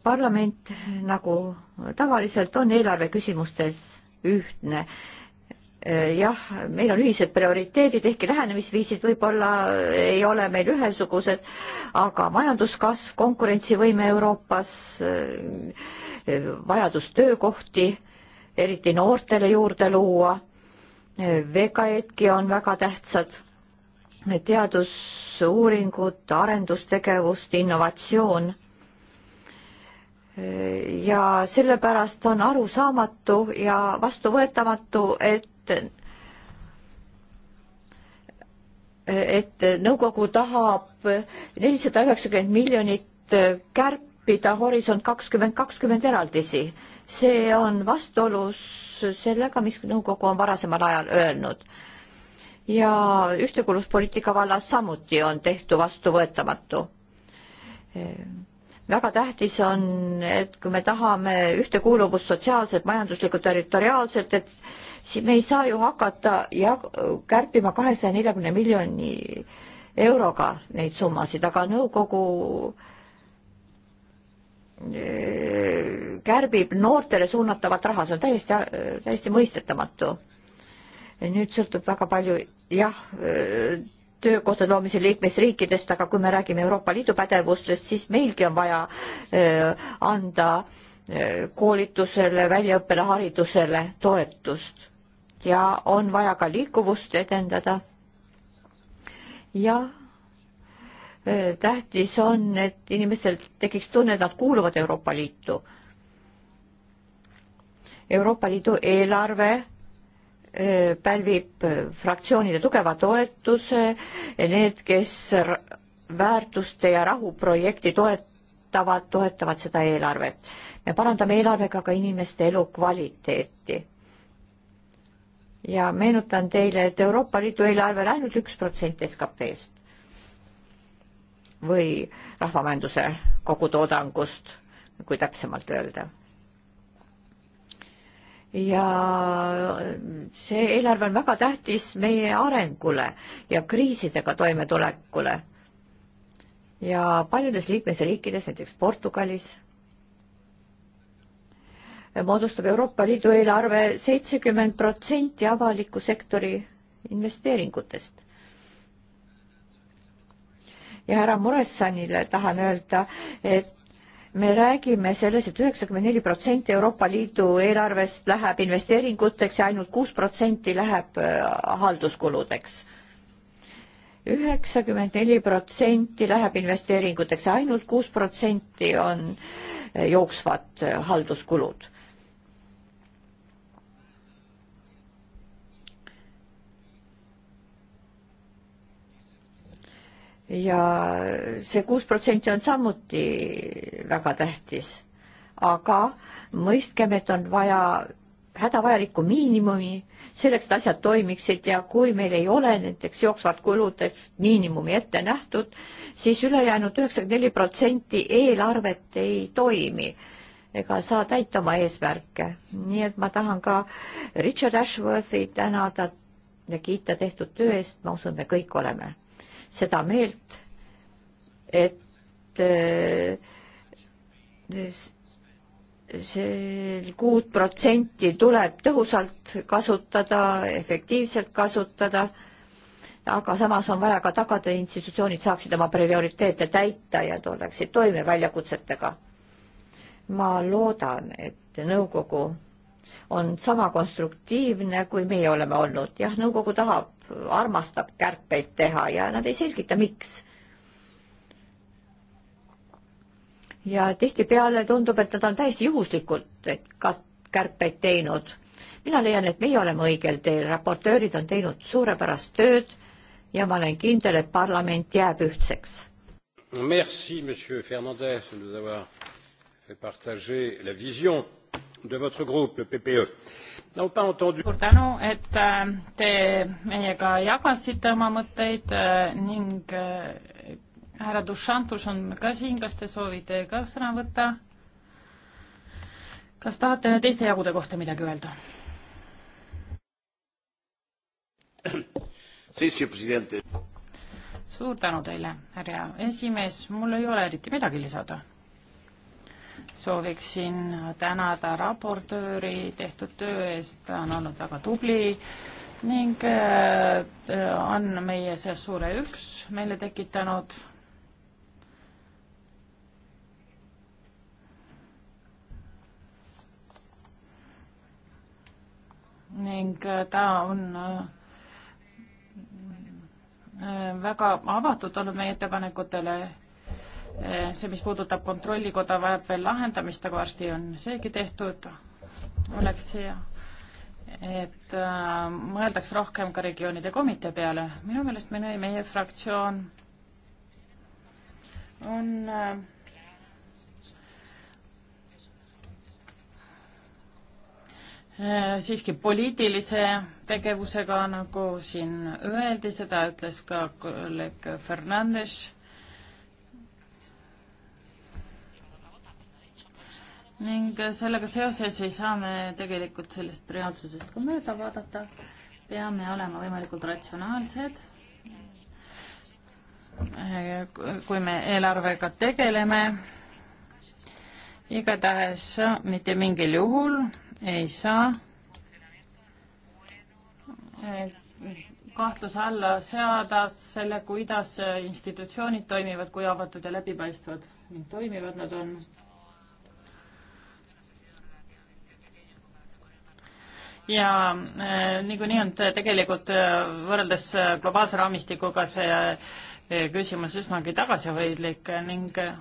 parlament, nagu tavaliselt, on eelarve küsimustes ühtne. jah, meil on ühised prioriteedid, ehkki lähenemisviisid võib-olla ei ole meil ühesugused, aga majanduskasv, konkurentsivõime Euroopas, vajadus töökohti, eriti noortele juurde luua, VKE-dki on väga tähtsad teadusuuringud, arendustegevust, innovatsioon. ja sellepärast on arusaamatu ja vastuvõetamatu, et et nõukogu tahab nelisada üheksakümmend miljonit kärpida Horisont kakskümmend kakskümmend eraldisi. see on vastuolus sellega, mis nõukogu on varasemal ajal öelnud ja ühtekuuluvuspoliitika vallas samuti on tehtu vastuvõetamatu. Eh, väga tähtis on, et kui me tahame ühtekuuluvust sotsiaalselt, majanduslikult, territoriaalselt, et siis me ei saa ju hakata ja kärpima kahesaja neljakümne miljoni euroga neid summasid, aga nõukogu eh, kärbib noortele suunatavat raha, see on täiesti, täiesti mõistetamatu nüüd sõltub väga palju jah, töökohtade loomise liikmesriikidest, aga kui me räägime Euroopa Liidu pädevustest, siis meilgi on vaja äh, anda äh, koolitusele, väljaõppele, haridusele toetust ja on vaja ka liikuvust edendada. ja äh, tähtis on, et inimestel tekiks tunne, et nad kuuluvad Euroopa Liitu. Euroopa Liidu eelarve Äh, pälvib äh, fraktsioonide tugeva toetuse, need, kes väärtuste ja rahuprojekti toetavad, toetavad seda eelarvet. me parandame eelarvega ka inimeste elukvaliteeti. ja meenutan teile, et Euroopa Liidu eelarve on ainult üks protsent SKP-st või rahvamajanduse kogutoodangust, kui täpsemalt öelda ja see eelarve on väga tähtis meie arengule ja kriisidega toimetulekule. ja paljudes liikmesriikides, näiteks Portugalis, moodustab Euroopa Liidu eelarve seitsekümmend protsenti avaliku sektori investeeringutest. ja härra Muressanile tahan öelda, et me räägime sellest et, et üheksakümmend neli protsenti Euroopa Liidu eelarvest läheb investeeringuteks ja ainult kuus protsenti läheb äh, halduskuludeks. üheksakümmend neli protsenti läheb investeeringuteks ja ainult kuus protsenti on äh, jooksvad äh, halduskulud ja see kuus protsenti on samuti väga tähtis. aga mõistkem, et on vaja hädavajalikku miinimumi selleks, et asjad toimiksid ja kui meil ei ole näiteks jooksvad kuludeks miinimumi ette nähtud, siis ülejäänud üheksakümmend neli protsenti eelarvet ei toimi ega saa täita oma eesmärke. nii et ma tahan ka Richard Ashworthi tänada ja kiita tehtud töö eest, ma usun, me kõik oleme seda meelt, et äh, see kuut protsenti tuleb tõhusalt kasutada, efektiivselt kasutada, aga samas on vaja ka tagada, institutsioonid saaksid oma prioriteete täita ja tuleksid toime väljakutsetega. ma loodan, et nõukogu on sama konstruktiivne, kui meie oleme olnud. jah, nõukogu tahab, armastab kärpeid teha ja nad ei selgita, miks ja tihtipeale tundub, et nad on täiesti juhuslikult kärpeid teinud. mina leian, et meie oleme õigel teel, raportöörid on teinud suurepärast tööd ja ma olen kindel, et parlament jääb ühtseks. Merci, monsieur Fernandez, de nous avoir fait partager la vision de votre groupe, le PPE. suur tänu, et äh, te meiega jagasite oma mõtteid äh, ning äh, härra Dušantus on ka siin, kas te soovite ka sõna võtta? kas tahate teiste jagude kohta midagi öelda? suur tänu teile, härra esimees, mul ei ole eriti midagi lisada. sooviksin tänada raportööri tehtud töö eest, ta on olnud väga tubli ning äh, äh, on meie seas suure üks meile tekitanud ning äh, ta on äh, äh, väga avatud olnud meie ettepanekutele. see, mis puudutab Kontrollikoda, vajab veel lahendamist, aga varsti on seegi tehtud. oleks hea, et mõeldaks rohkem ka regioonide komitee peale. minu meelest me, meie fraktsioon on Äh, siiski poliitilise tegevusega, nagu siin öeldi, seda ütles ka kolleeg Fernandes. ning sellega seoses ei saa me tegelikult sellest reaalsusest ka mööda vaadata. peame olema võimalikult ratsionaalsed. Äh, kui me eelarvega tegeleme, igatahes mitte mingil juhul ei saa kahtluse alla seada selle, kuidas institutsioonid toimivad, kui avatud ja läbipaistvad ning toimivad nad on. ja äh, niikuinii on tegelikult äh, võrreldes äh, globaalse raamistikuga see äh, küsimus üsnagi tagasihoidlik ning äh,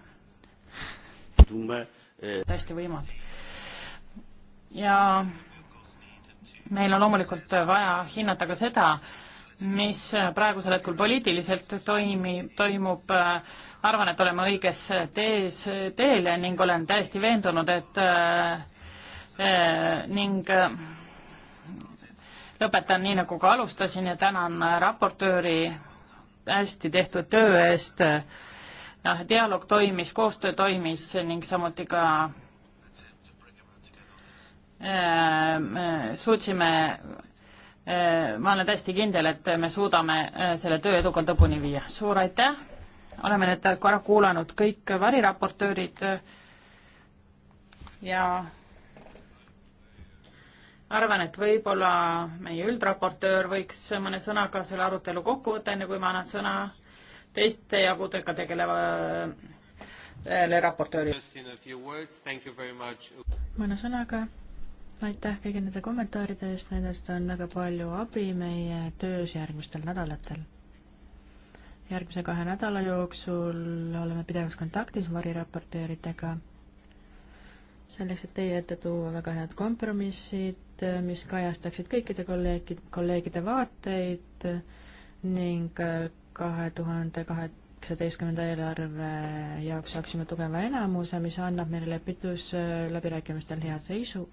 äh täiesti võimatu ja meil on loomulikult vaja hinnata ka seda, mis praegusel hetkel poliitiliselt toimi, toimub, arvan, et oleme õiges tees, teel ning olen täiesti veendunud, et äh, ning äh, lõpetan nii, nagu ka alustasin ja tänan raportööri hästi tehtud töö eest, noh, dialoog toimis, koostöö toimis ning samuti ka Äh, äh, suutsime, äh, ma olen täiesti kindel, et me suudame selle töö edukalt lõpuni viia. suur aitäh, oleme nüüd korra kuulanud kõik variraportöörid ja arvan, et võib-olla meie üldraportöör võiks mõne sõnaga selle arutelu kokku võtta, enne kui ma annan sõna teiste jagudega tegelevale raportöörile. mõne sõnaga aitäh kõigi nende kommentaaride eest, nendest on väga palju abi meie töös järgmistel nädalatel. järgmise kahe nädala jooksul oleme pidevas kontaktis variraportööridega, selleks, et teie ette tuua väga head kompromissid, mis kajastaksid kõikide kolleegid, kolleegide vaateid ning kahe tuhande kahe üheksateistkümnenda eelarve jaoks saaksime tugeva enamuse, mis annab meile lepitusläbirääkimistel hea seisu,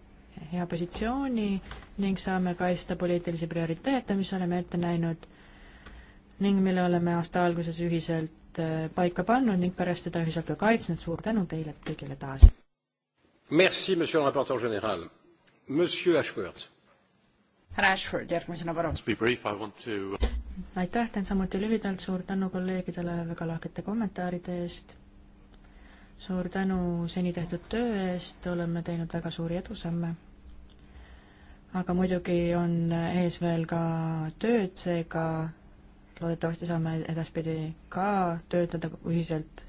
hea positsiooni ning saame kaitsta poliitilisi prioriteete, mis oleme ette näinud ning mille oleme aasta alguses ühiselt äh, paika pannud ning pärast seda ühiselt ka kaitsnud. suur tänu teile kõigile taas. Merci, monsieur le rapporteur général. Monsieur Ashworth. härra Ashford, järgmisena palun. Uh, aitäh, teen samuti lühidalt, suur tänu kolleegidele väga lahkete kommentaaride eest suur tänu seni tehtud töö eest, oleme teinud väga suuri edusamme. aga muidugi on ees veel ka tööd, seega loodetavasti saame edaspidi ka töötada ühiselt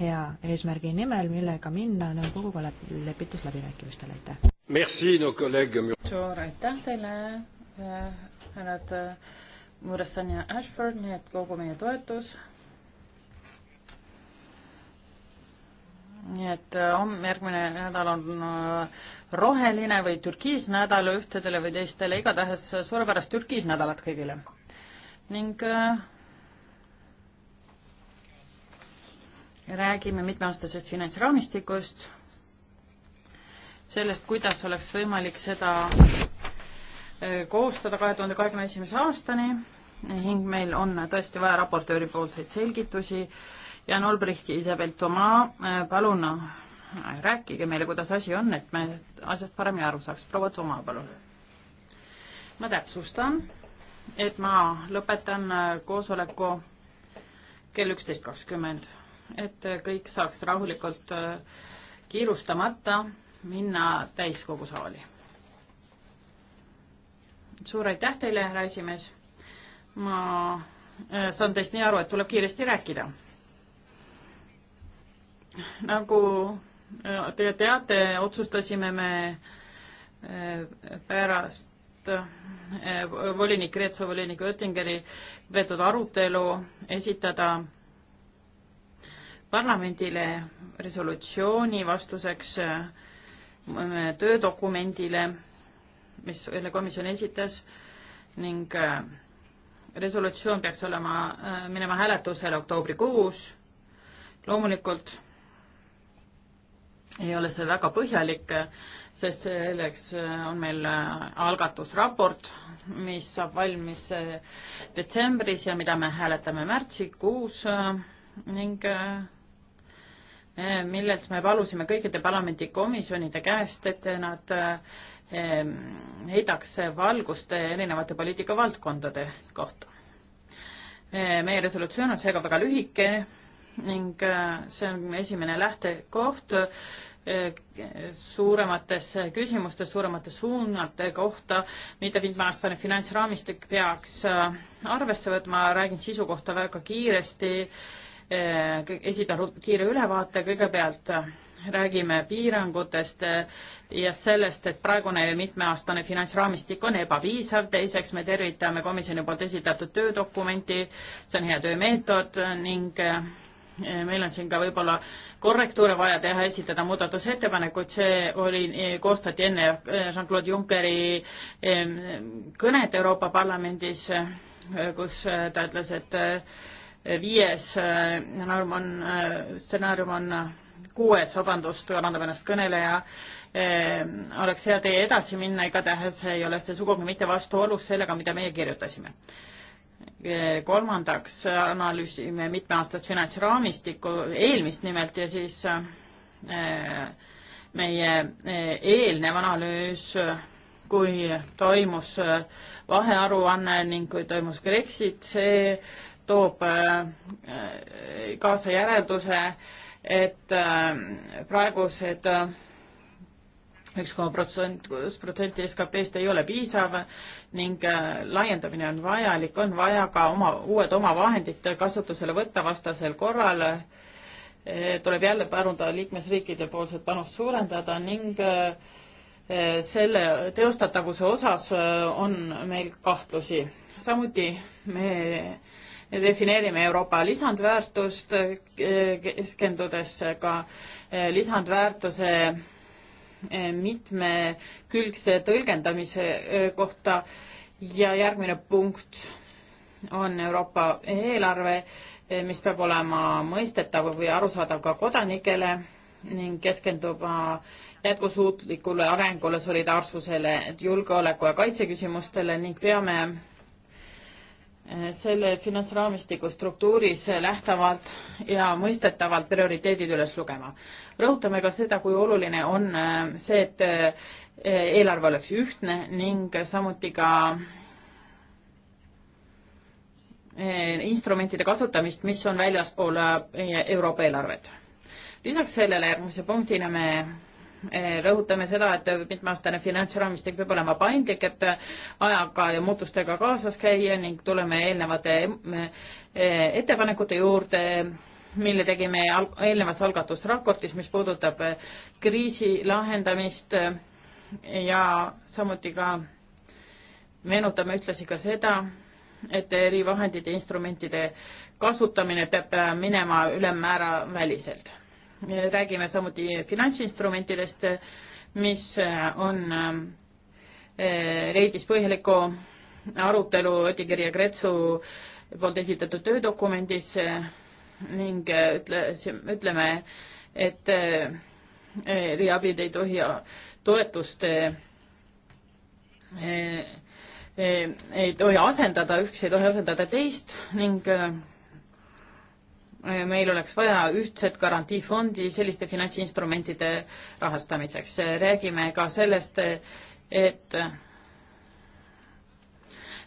hea eesmärgi nimel, millega minna nõukoguga läb, lepitusläbirääkimistele, aitäh! suur aitäh teile, härrad Murastan ja Ashford, nii et kogu meie toetus nii et äh, homme, järgmine nädal on äh, roheline või türkiisnädal ühtedele või teistele, igatahes äh, suurepärast türkiisnädalat kõigile. ning äh, räägime mitmeaastasest finantsraamistikust, sellest, kuidas oleks võimalik seda koostada kahe tuhande kahekümne esimese aastani ning meil on tõesti vaja raportööri poolseid selgitusi äh, Jan Olbricht ja Isabel Toma, äh, palun äh, rääkige meile, kuidas asi on, et me asjast paremini aru saaks. proua Toma, palun. ma täpsustan, et ma lõpetan äh, koosoleku kell üksteist kakskümmend, et kõik saaks rahulikult kiirustamata minna täiskogu saali. suur aitäh teile, härra esimees. ma saan teist nii aru, et tuleb kiiresti rääkida nagu äh, te teate, otsustasime me äh, pärast äh, volinik Reetsu, volinik Oettingeri veetud arutelu esitada parlamendile resolutsiooni vastuseks töödokumendile, mis selle komisjon esitas ning resolutsioon peaks olema, minema hääletusele oktoobrikuus. loomulikult ei ole see väga põhjalik, sest selleks on meil algatusraport, mis saab valmis detsembris ja mida me hääletame märtsikuus ning eh, millelt me palusime kõikide parlamendikomisjonide käest, et nad eh, heidaks valgust erinevate poliitikavaldkondade kohta. Eh, meie resolutsioon on seega väga lühike ning äh, see on esimene lähtekoht äh, suuremates küsimustes, suuremate suunade kohta, mida viimane finantsraamistik peaks äh, arvesse võtma, räägin sisu kohta väga kiiresti, esitan kiire ülevaate kõigepealt, räägime piirangutest ja sellest, et praegune mitmeaastane finantsraamistik on ebapiisav, teiseks me tervitame komisjoni poolt esitatud töödokumenti, see on hea töömeetod ning Eh, meil on siin ka võib-olla korrektuure vaja teha, esitada muudatusettepanekuid, see oli, eh, koostati enne eh, Jean-Claude Junckeri kõnet Euroopa Parlamendis, kus ta ütles, et viies norm on, stsenaarium on kuues, vabandust, parandab ennast kõneleja, oleks hea tee edasi minna, igatahes ei ole see sugugi mitte vastuolus sellega, mida meie kirjutasime kolmandaks analüüsime mitmeaastast finantsraamistikku, eelmist nimelt, ja siis äh, meie äh, eelnev analüüs, kui toimus äh, vahearuanne ning kui toimus Brexit, see toob kaasa järelduse, et praegused et üks koma protsent, protsenti SKP-st ei ole piisav ning äh, laiendamine on vajalik, on vaja ka oma, uued omavahendid kasutusele võtta vastasel korral, äh, tuleb jälle paluda liikmesriikide poolset panust suurendada ning äh, selle teostatavuse osas on meil kahtlusi. samuti me defineerime Euroopa lisandväärtust, keskendudes ka lisandväärtuse mitmekülgse tõlgendamise kohta ja järgmine punkt on Euroopa eelarve, mis peab olema mõistetav või arusaadav ka kodanikele ning keskenduma jätkusuutlikule arengule, solidaarsusele, julgeoleku ja kaitse küsimustele ning peame Äh, selle finantsraamistiku struktuuris lähtavalt ja mõistetavalt prioriteedid üles lugema. rõhutame ka seda, kui oluline on äh, see, et äh, eelarve oleks ühtne ning samuti ka instrumentide kasutamist, mis on väljaspool Euroopa eelarvet. lisaks sellele järgmise punktina me Eh, rõhutame seda, et mitmeaastane finantsraamistik peab olema paindlik, et ajaga ja muutustega kaasas käia ning tuleme eelnevate eh, ettepanekute juurde, mille tegime eelnevas algatusraportis, mis puudutab eh, kriisi lahendamist ja samuti ka meenutame ühtlasi ka seda, et erivahendite instrumentide kasutamine peab minema ülemmäära väliselt räägime samuti finantsinstrumentidest, mis äh, on, äh, leidis põhjaliku arutelu Otikirja Kretsu poolt esitatud töödokumendis äh, ning ütle, ütleme, et riigiabid ei tohi toetuste ei tohi asendada, üks ei tohi asendada teist ning meil oleks vaja ühtset garantiifondi selliste finantsinstrumentide rahastamiseks. räägime ka sellest, et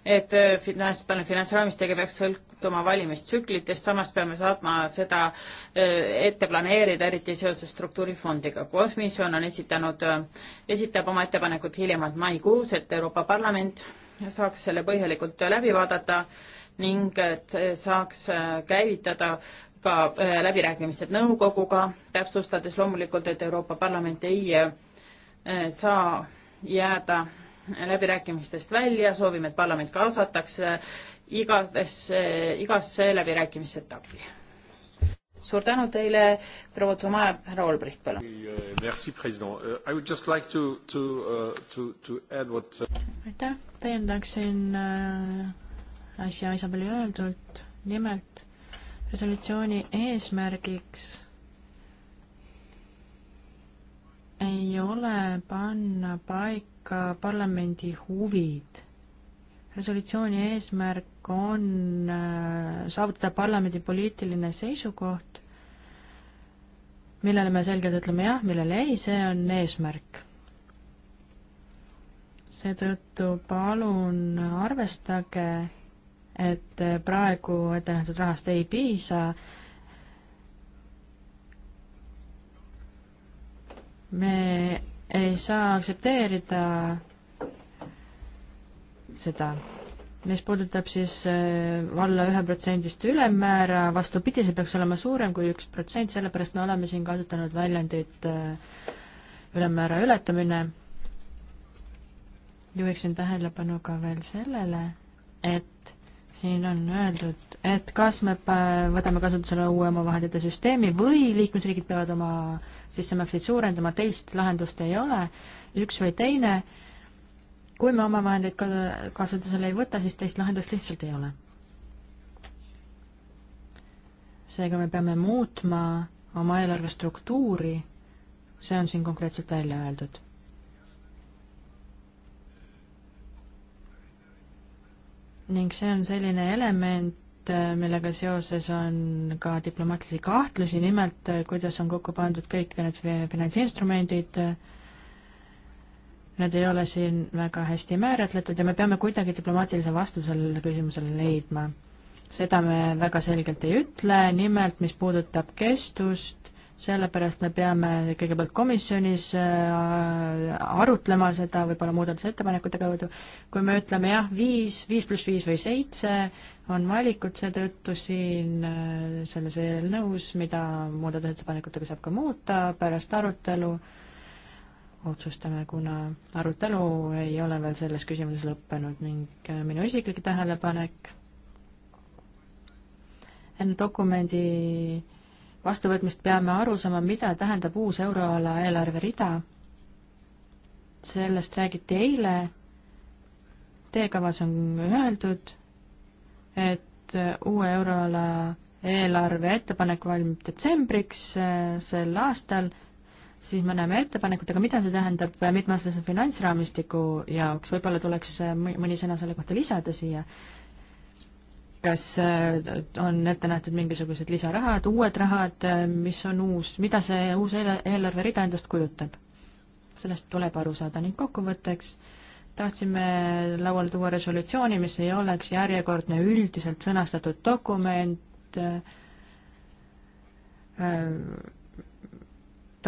et finants, tal on finantsraamistega peaks sõltuma valimistsüklitest, samas peame saama seda eh, ette planeerida, eriti seoses struktuurifondiga. komisjon on esitanud, esitab oma ettepanekud hiljemalt maikuus, et Euroopa Parlament saaks selle põhjalikult läbi vaadata ning et saaks äh, käivitada ka äh, läbirääkimised nõukoguga, täpsustades loomulikult, et Euroopa Parlament ei äh, saa jääda läbirääkimistest välja, soovime, et parlament kaasatakse igasse, igasse läbirääkimiste etappi. suur tänu teile, proua Toma ja härra Olbricht, palun. aitäh, täiendaksin äsja Isabeli öeldult, nimelt resolutsiooni eesmärgiks ei ole panna paika parlamendi huvid. resolutsiooni eesmärk on äh, saavutada parlamendi poliitiline seisukoht, millele me selgelt ütleme jah, millele ei, see on eesmärk. seetõttu palun arvestage et äh, praegu ette nähtud rahast ei piisa. me ei saa aktsepteerida seda mis puudutab siis äh, alla üheprotsendist ülemmäära, vastupidi, see peaks olema suurem kui üks protsent, sellepärast me oleme siin kasutanud väljendit äh, ülemmäära ületamine. juhiksin tähelepanu ka veel sellele, et siin on öeldud, et kas me võtame kasutusele uue omavahendite süsteemi või liikmesriigid peavad oma sissemakseid suurendama, teist lahendust ei ole, üks või teine. kui me omavahendeid kasutusele ei võta, siis teist lahendust lihtsalt ei ole. seega me peame muutma oma eelarve struktuuri, see on siin konkreetselt välja öeldud ning see on selline element, millega seoses on ka diplomaatilisi kahtlusi, nimelt kuidas on kokku pandud kõik need finantsinstrumendid, need ei ole siin väga hästi määratletud ja me peame kuidagi diplomaatilise vastuse sellele küsimusele leidma. seda me väga selgelt ei ütle, nimelt mis puudutab kestust, sellepärast me peame kõigepealt komisjonis äh, arutlema seda võib-olla muudatusettepanekute kaudu, kui me ütleme jah, viis, viis pluss viis või seitse on valikud seetõttu siin äh, selles eelnõus, mida muudatusettepanekutega saab ka muuta pärast arutelu, otsustame, kuna arutelu ei ole veel selles küsimuses lõppenud ning äh, minu isiklik tähelepanek enne dokumendi vastuvõtmist peame aru saama, mida tähendab uus euroala eelarverida. sellest räägiti eile, teekavas on öeldud, et uue euroala eelarve ettepanek valmib detsembriks eh, sel aastal, siis me näeme ettepanekut, aga mida see tähendab mitmeaastase finantsraamistiku jaoks, võib-olla tuleks eh, mõni sõna selle kohta lisada siia, kas äh, on ette nähtud mingisugused lisarahad, uued rahad, äh, mis on uus, mida see uus eelarverida endast kujutab? sellest tuleb aru saada ning kokkuvõtteks tahtsime lauale tuua resolutsiooni, mis ei oleks järjekordne üldiselt sõnastatud dokument, äh,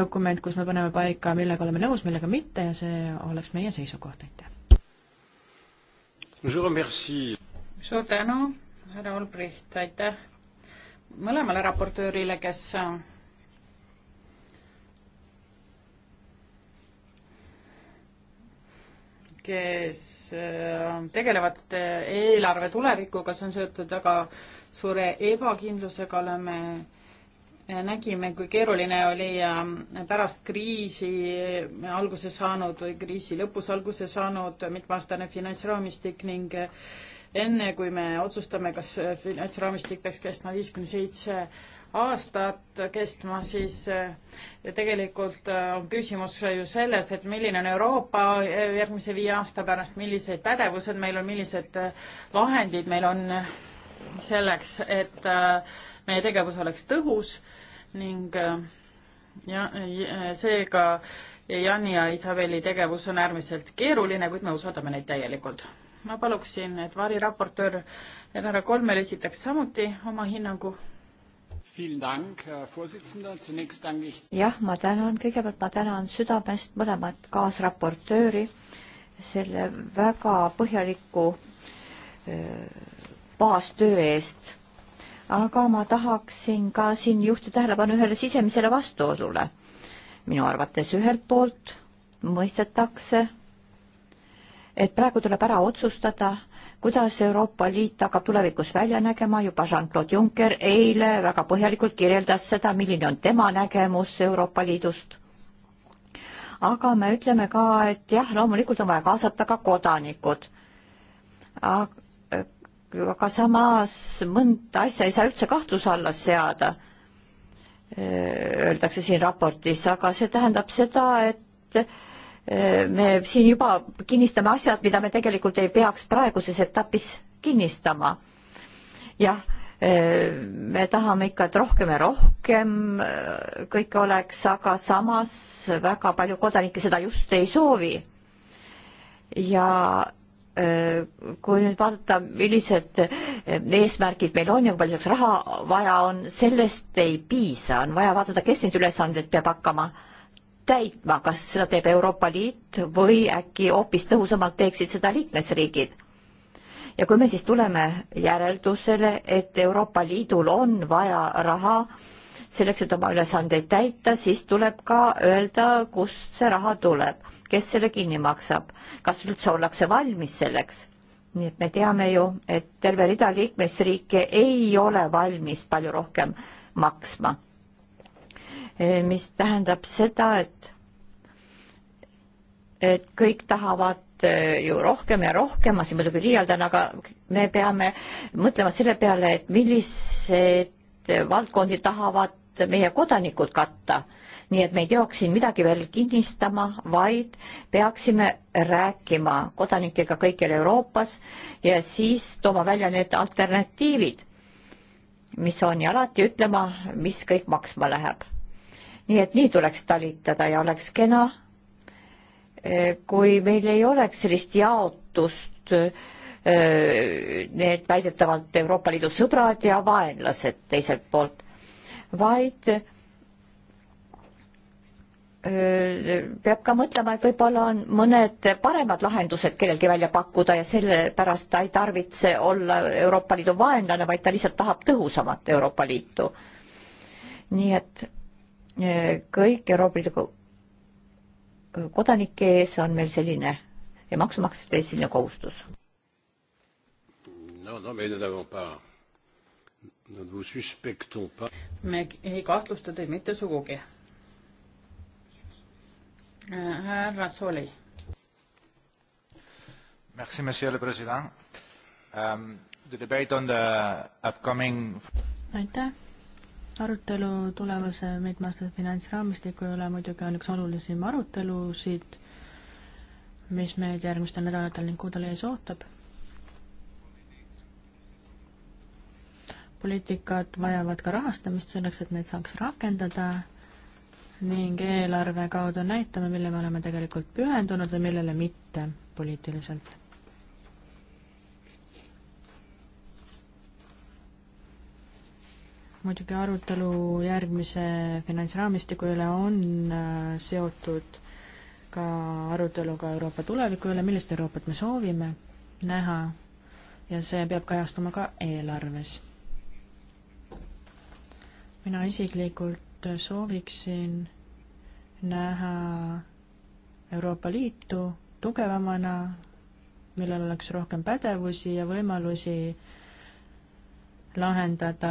dokument, kus me paneme paika, millega oleme nõus, millega mitte ja see oleks meie seisukoht, aitäh. suur tänu härra Olbricht, aitäh mõlemale raportöörile, kes kes äh, tegelevad äh, eelarve tulevikuga, see on seotud väga suure ebakindlusega, oleme, äh, nägime, kui keeruline oli pärast kriisi alguse saanud või kriisi lõpus alguse saanud mitmeaastane finantsraamistik ning enne kui me otsustame, kas äh, finantsraamistik peaks kestma viis kuni seitse aastat kestma, siis äh, tegelikult äh, on küsimus ju selles, et milline on Euroopa järgmise viie aasta pärast, millised pädevused meil on, millised vahendid meil on selleks, et meie tegevus oleks tõhus ning ja, ja seega Jani ja Isabeli tegevus on äärmiselt keeruline, kuid me usaldame neid täielikult ma paluksin, et variraportöör härra Kolmel esitaks samuti oma hinnangu. jah, ma tänan, kõigepealt ma tänan südamest mõlemat kaasraportööri selle väga põhjaliku baastöö eest. aga ma tahaksin ka siin juhtida tähelepanu ühele sisemisele vastuolule. minu arvates ühelt poolt mõistetakse et praegu tuleb ära otsustada, kuidas Euroopa Liit hakkab tulevikus välja nägema, juba Jean-Claude Juncker eile väga põhjalikult kirjeldas seda, milline on tema nägemus Euroopa Liidust. aga me ütleme ka, et jah, loomulikult on vaja kaasata ka kodanikud. aga samas mõnda asja ei saa üldse kahtluse alla seada, öeldakse siin raportis, aga see tähendab seda, et me siin juba kinnistame asjad, mida me tegelikult ei peaks praeguses etapis kinnistama. jah, e, me tahame ikka, et rohkem ja rohkem e, kõike oleks, aga samas väga palju kodanikke seda just ei soovi. ja e, kui nüüd vaadata, millised eesmärgid meil on ja kui palju selleks raha vaja on, sellest ei piisa, on vaja vaadata, kes neid ülesandeid peab hakkama täitma, kas seda teeb Euroopa Liit või äkki hoopis tõhusamalt teeksid seda liikmesriigid? ja kui me siis tuleme järeldusele, et Euroopa Liidul on vaja raha selleks, et oma ülesandeid täita, siis tuleb ka öelda, kust see raha tuleb, kes selle kinni maksab, kas üldse ollakse valmis selleks nii et me teame ju, et terve rida liikmesriike ei ole valmis palju rohkem maksma Eh, mis tähendab seda, et et kõik tahavad eh, ju rohkem ja rohkem, ma siin muidugi liialdan, aga me peame mõtlema selle peale, et millised valdkondi tahavad meie kodanikud katta. nii et me ei peaks siin midagi veel kinnistama, vaid peaksime rääkima kodanikega kõikjal Euroopas ja siis tooma välja need alternatiivid, mis on ja alati ütlema, mis kõik maksma läheb nii et nii tuleks talitada ja oleks kena, eh, kui meil ei oleks sellist jaotust, eh, need väidetavalt Euroopa Liidu sõbrad ja vaenlased teiselt poolt, vaid eh, peab ka mõtlema, et võib-olla on mõned paremad lahendused kellelgi välja pakkuda ja sellepärast ta ei tarvitse olla Euroopa Liidu vaenlane, vaid ta lihtsalt tahab tõhusamat Euroopa Liitu. nii et kõik Euroopa Liidu kodanike ees on meil selline ja maksumaksjate ees selline kohustus. me ei kahtlusta teid mitte sugugi. härra Soli. Merci, monsieur le president um,. Euh, the debate on the upcoming aitäh arutelu tulevase mitmeaastase finantsraamistiku üle muidugi on üks olulisem arutelusid, mis meid järgmistel nädalatel ning kuudel ees ootab. poliitikad vajavad ka rahastamist selleks, et neid saaks rakendada ning eelarve kaudu näitame, mille me oleme tegelikult pühendunud või millele mitte poliitiliselt muidugi arutelu järgmise finantsraamistiku üle on äh, seotud ka aruteluga Euroopa tuleviku üle, millist Euroopat me soovime näha ja see peab kajastuma ka eelarves. mina isiklikult sooviksin näha Euroopa Liitu tugevamana, millel oleks rohkem pädevusi ja võimalusi lahendada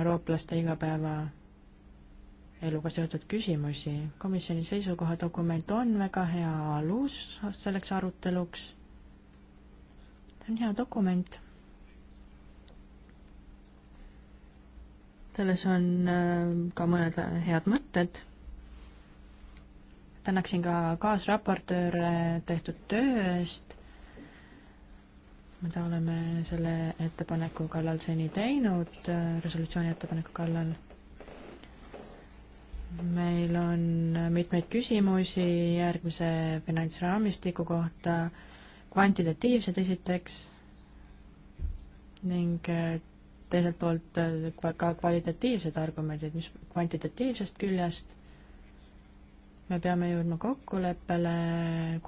eurooplaste igapäevaeluga seotud küsimusi. komisjoni seisukohadokument on väga hea alus selleks aruteluks. see on hea dokument selles on äh, ka mõned head mõtted. tänaksin ka kaasraportööre tehtud töö eest mida oleme selle ettepaneku kallal seni teinud, resolutsiooni ettepaneku kallal. meil on mitmeid küsimusi järgmise finantsraamistiku kohta, kvantitatiivsed esiteks ning äh, teiselt poolt äh, ka kvalitatiivsed argumendid, mis kvantitatiivsest küljest me peame jõudma kokkuleppele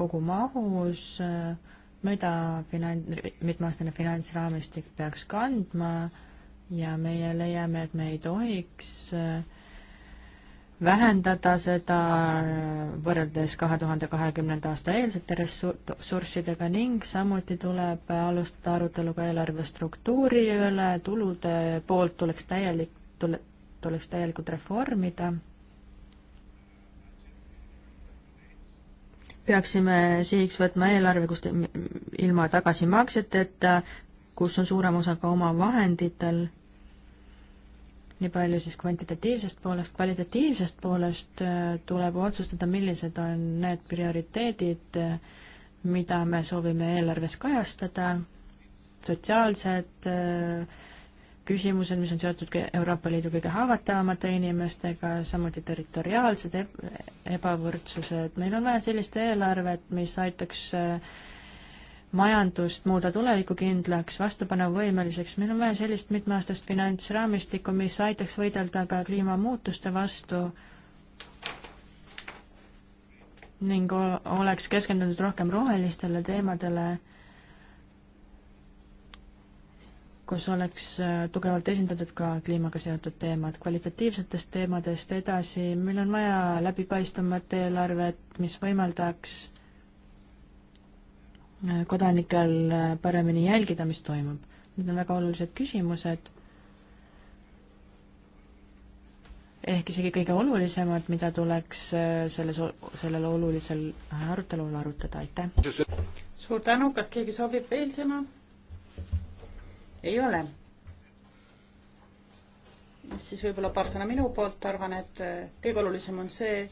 kogu mahus äh, mida finan-, mitmeaastane finantsraamistik peaks kandma ja meie leiame, et me ei tohiks äh, vähendada seda äh, võrreldes kahe tuhande kahekümnenda aasta eelsete ressurssidega ning samuti tuleb alustada arutelu ka eelarve struktuuri üle, tulude poolt tuleks täielik, tule, tuleks täielikult reformida peaksime sihiks võtma eelarve, kus ilma tagasimakseteta, kus on suurem osa ka omavahenditel, nii palju siis kvantitatiivsest poolest, kvalitatiivsest poolest äh, tuleb otsustada, millised on need prioriteedid, äh, mida me soovime eelarves kajastada, sotsiaalsed äh, küsimused, mis on seotud Euroopa Liidu kõige haavatavamate inimestega, samuti territoriaalsed eb ebavõrdsused. meil on vaja sellist eelarvet, mis aitaks äh, majandust muuda tulevikukindlaks, vastupanuvõimeliseks, meil on vaja sellist mitmeaastast finantsraamistikku, mis aitaks võidelda ka kliimamuutuste vastu ning oleks keskendunud rohkem rohelistele teemadele kus oleks äh, tugevalt esindatud ka kliimaga seotud teemad. kvalitatiivsetest teemadest edasi, meil on vaja läbipaistvamat eelarvet, mis võimaldaks äh, kodanikel äh, paremini jälgida, mis toimub. Need on väga olulised küsimused, ehk isegi kõige olulisemad, mida tuleks selles, sellel olulisel arutelul arutada, aitäh! suur tänu, kas keegi soovib veel sõna? ei ole. siis võib-olla paar sõna minu poolt, arvan, et äh, kõige olulisem on see,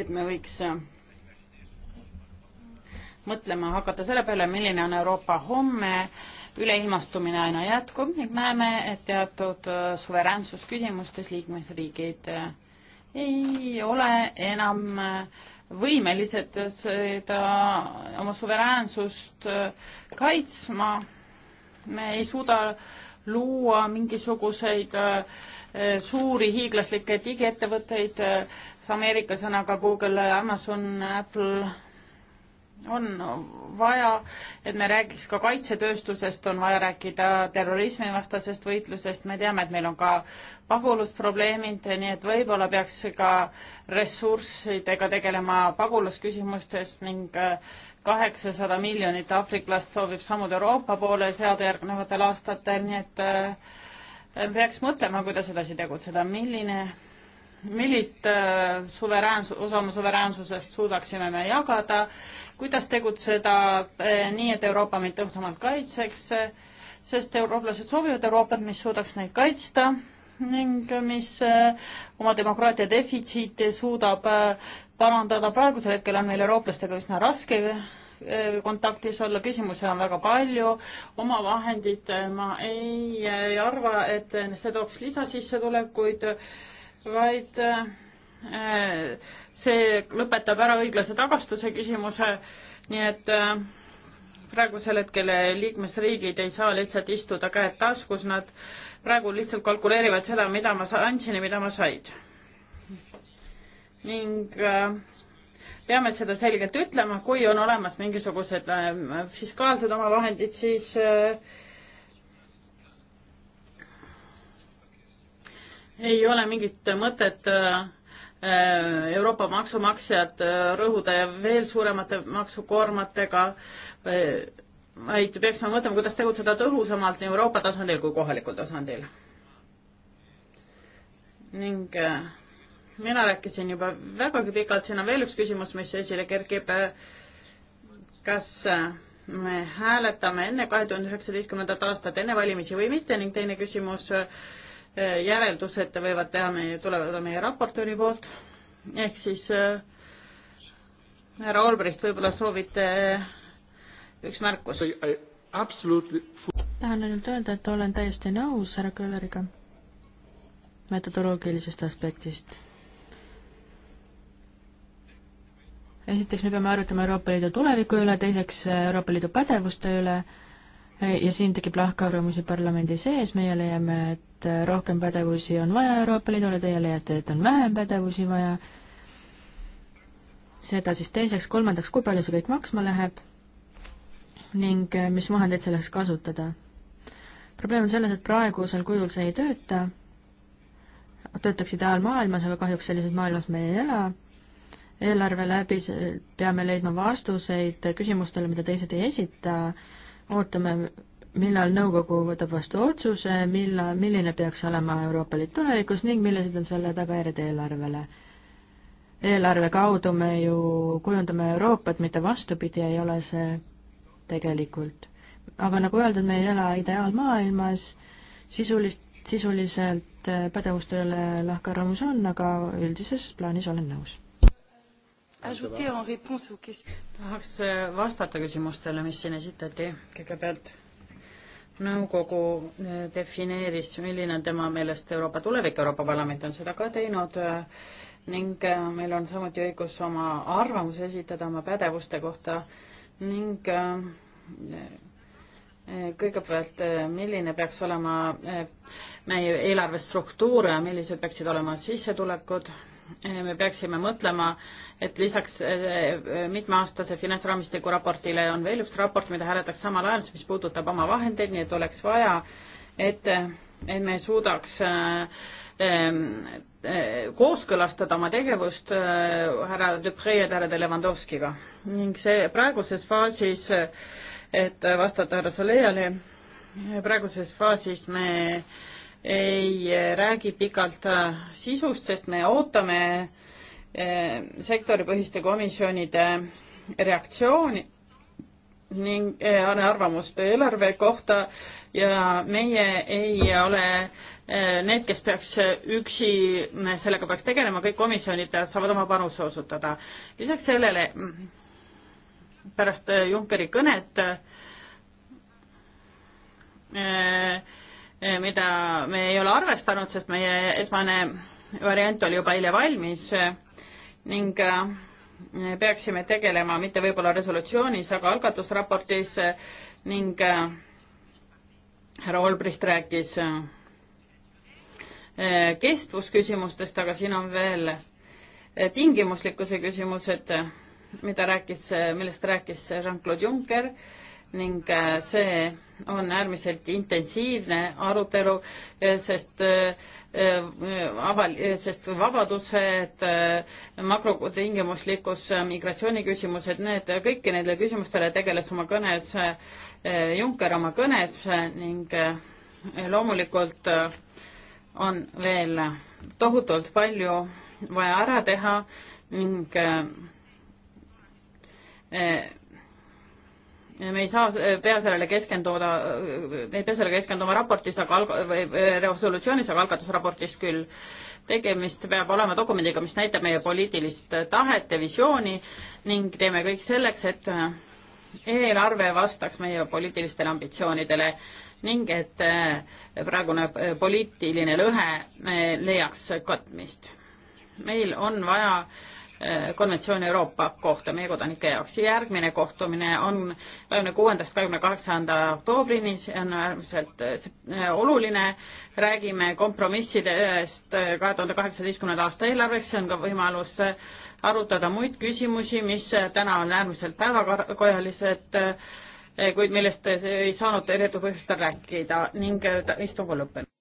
et me võiks äh, mõtlema hakata selle peale, milline on Euroopa homme, üleilmastumine aina jätkub ning näeme, et teatud äh, suveräänsusküsimustes liikmesriigid ei ole enam võimelised seda oma suveräänsust kaitsma me ei suuda luua mingisuguseid äh, äh, suuri hiiglaslikke digiettevõtteid äh, Ameerikas on aga Google, Amazon, Apple on vaja, et me räägiks ka kaitsetööstusest, on vaja rääkida terrorismivastasest võitlusest, me teame, et meil on ka pagulusprobleemid, nii et võib-olla peaks ka ressurssidega tegelema pagulasküsimustes ning äh, kaheksasada miljonit aafriklast soovib sammud Euroopa poole seada järgnevatel aastatel, nii et äh, peaks mõtlema, kuidas edasi tegutseda, milline, millist äh, suveräänsu-, osa oma suveräänsusest suudaksime me jagada, kuidas tegutseda äh, nii, et Euroopa meid tõhusamalt kaitseks, sest eurooplased soovivad Euroopat, mis suudaks neid kaitsta ning mis eh, oma demokraatia defitsiiti suudab eh, parandada. praegusel hetkel on meil eurooplastega üsna raske eh, kontaktis olla, küsimusi on väga palju, omavahendid, ma ei, ei arva, et see tooks lisasissetulekuid, vaid see lõpetab ära õiglase tagastuse küsimuse, nii et praegusel hetkel liikmesriigid ei saa lihtsalt istuda käed taskus, nad praegu lihtsalt kalkuleerivad seda, mida ma andsin ja mida ma said. ning äh, peame seda selgelt ütlema, kui on olemas mingisugused äh, fiskaalsed omavahendid, siis äh, ei ole mingit mõtet Euroopa maksumaksjad rõhuda ja veel suuremate maksukoormatega vaid peaksime mõtlema, kuidas tegutseda tõhusamalt nii Euroopa tasandil kui kohalikul tasandil. ning äh, mina rääkisin juba vägagi pikalt, siin on veel üks küsimus, mis esile kerkib. kas äh, me hääletame enne kahe tuhande üheksateistkümnendat aastat, enne valimisi või mitte ning teine küsimus, äh, järeldused võivad teha meie, tulevad meie raportööri poolt, ehk siis härra Olbricht, võib-olla soovite üks märkus. Absolutely... tahan ainult öelda, et olen täiesti nõus härra Kölleriga metodoloogilisest aspektist. esiteks me peame arutama Euroopa Liidu tuleviku üle, teiseks Euroopa Liidu pädevuste üle ja siin tekib lahkarvamusi parlamendi sees, meie leiame, et rohkem pädevusi on vaja Euroopa Liidule, teie leiate, et on vähem pädevusi vaja. seda siis teiseks, kolmandaks, kui palju see kõik maksma läheb ning äh, mis vahendeid selleks kasutada. probleem on selles, et praegusel kujul see ei tööta, töötaks ideaalmaailmas, aga kahjuks sellises maailmas me ei ela, eelarve läbi peame leidma vastuseid küsimustele, mida teised ei esita, ootame, millal nõukogu võtab vastu otsuse, millal, milline peaks olema Euroopa Liit tulevikus ning millised on selle tagajärjed eelarvele eelarve kaudu me ju kujundame Euroopat, mitte vastupidi, ei ole see tegelikult. aga nagu öeldud, me ei ela ideaalmaailmas, sisulist, sisuliselt eh, pädevustele lahkarvamus on, aga üldises plaanis olen nõus. tahaks eh, vastata küsimustele, mis siin esitati kõigepealt nõukogu eh, defineeris, milline on tema meelest Euroopa tulevik, Euroopa Parlament on seda ka teinud ning meil on samuti õigus oma arvamuse esitada oma pädevuste kohta ning äh, äh, kõigepealt, äh, milline peaks olema meie eelarve struktuur ja millised peaksid olema sissetulekud, me peaksime mõtlema, et lisaks mitmeaastase finantsraamistiku raportile on veel üks raport, mida hääletakse samal ajal, mis puudutab oma vahendeid, nii et oleks vaja, et, et me suudaks Eh, kooskõlastada oma tegevust eh, härra Dupree ja härra Levandovskiga ning see praeguses faasis, et vastata härra Solejale, praeguses faasis me ei räägi pikalt eh, sisust, sest me ootame sektoripõhiste komisjonide reaktsiooni ning arvamust eelarve kohta ja meie ei ole äh, need, kes peaks üksi sellega peaks tegelema, kõik komisjonid saavad oma panuse osutada. lisaks sellele pärast Junckeri kõnet, eh, mida me ei ole arvestanud, sest meie esmane variant oli juba eile valmis ning eh, peaksime tegelema mitte võib-olla resolutsioonis, aga algatusraportis ning eh, härra Olbricht rääkis Eh, kestvusküsimustest, aga siin on veel eh, tingimuslikkuse küsimused, eh, mida rääkis, millest rääkis Jean-Claude Juncker ning see on äärmiselt intensiivne arutelu, sest aval-, sest vabadused, makrotingimuslikkus, migratsiooniküsimused, need, kõiki neile küsimustele tegeles oma kõnes Juncker oma kõnes ning loomulikult on veel tohutult palju vaja ära teha ning eh, eh, me ei saa, pea sellele keskenduda, me ei pea sellele keskenduma raportis, aga alg-, või resolutsioonis, aga algatusraportis küll. tegemist peab olema dokumendiga, mis näitab meie poliitilist tahet ja visiooni ning teeme kõik selleks, et eelarve vastaks meie poliitilistele ambitsioonidele ning et eh, praegune eh, poliitiline lõhe eh, leiaks katmist. meil on vaja konventsioon Euroopa kohta meie kodanike jaoks. järgmine kohtumine on kahekümne kuuendast kahekümne kaheksanda oktoobrini, see on äärmiselt oluline. räägime kompromissidest kahe tuhande kaheksateistkümnenda aasta eelarveks, see on ka võimalus arutada muid küsimusi, mis täna on äärmiselt päevakojalised äh, kuid millest ei saanud edu põhjustel rääkida ning istung on lõppenud.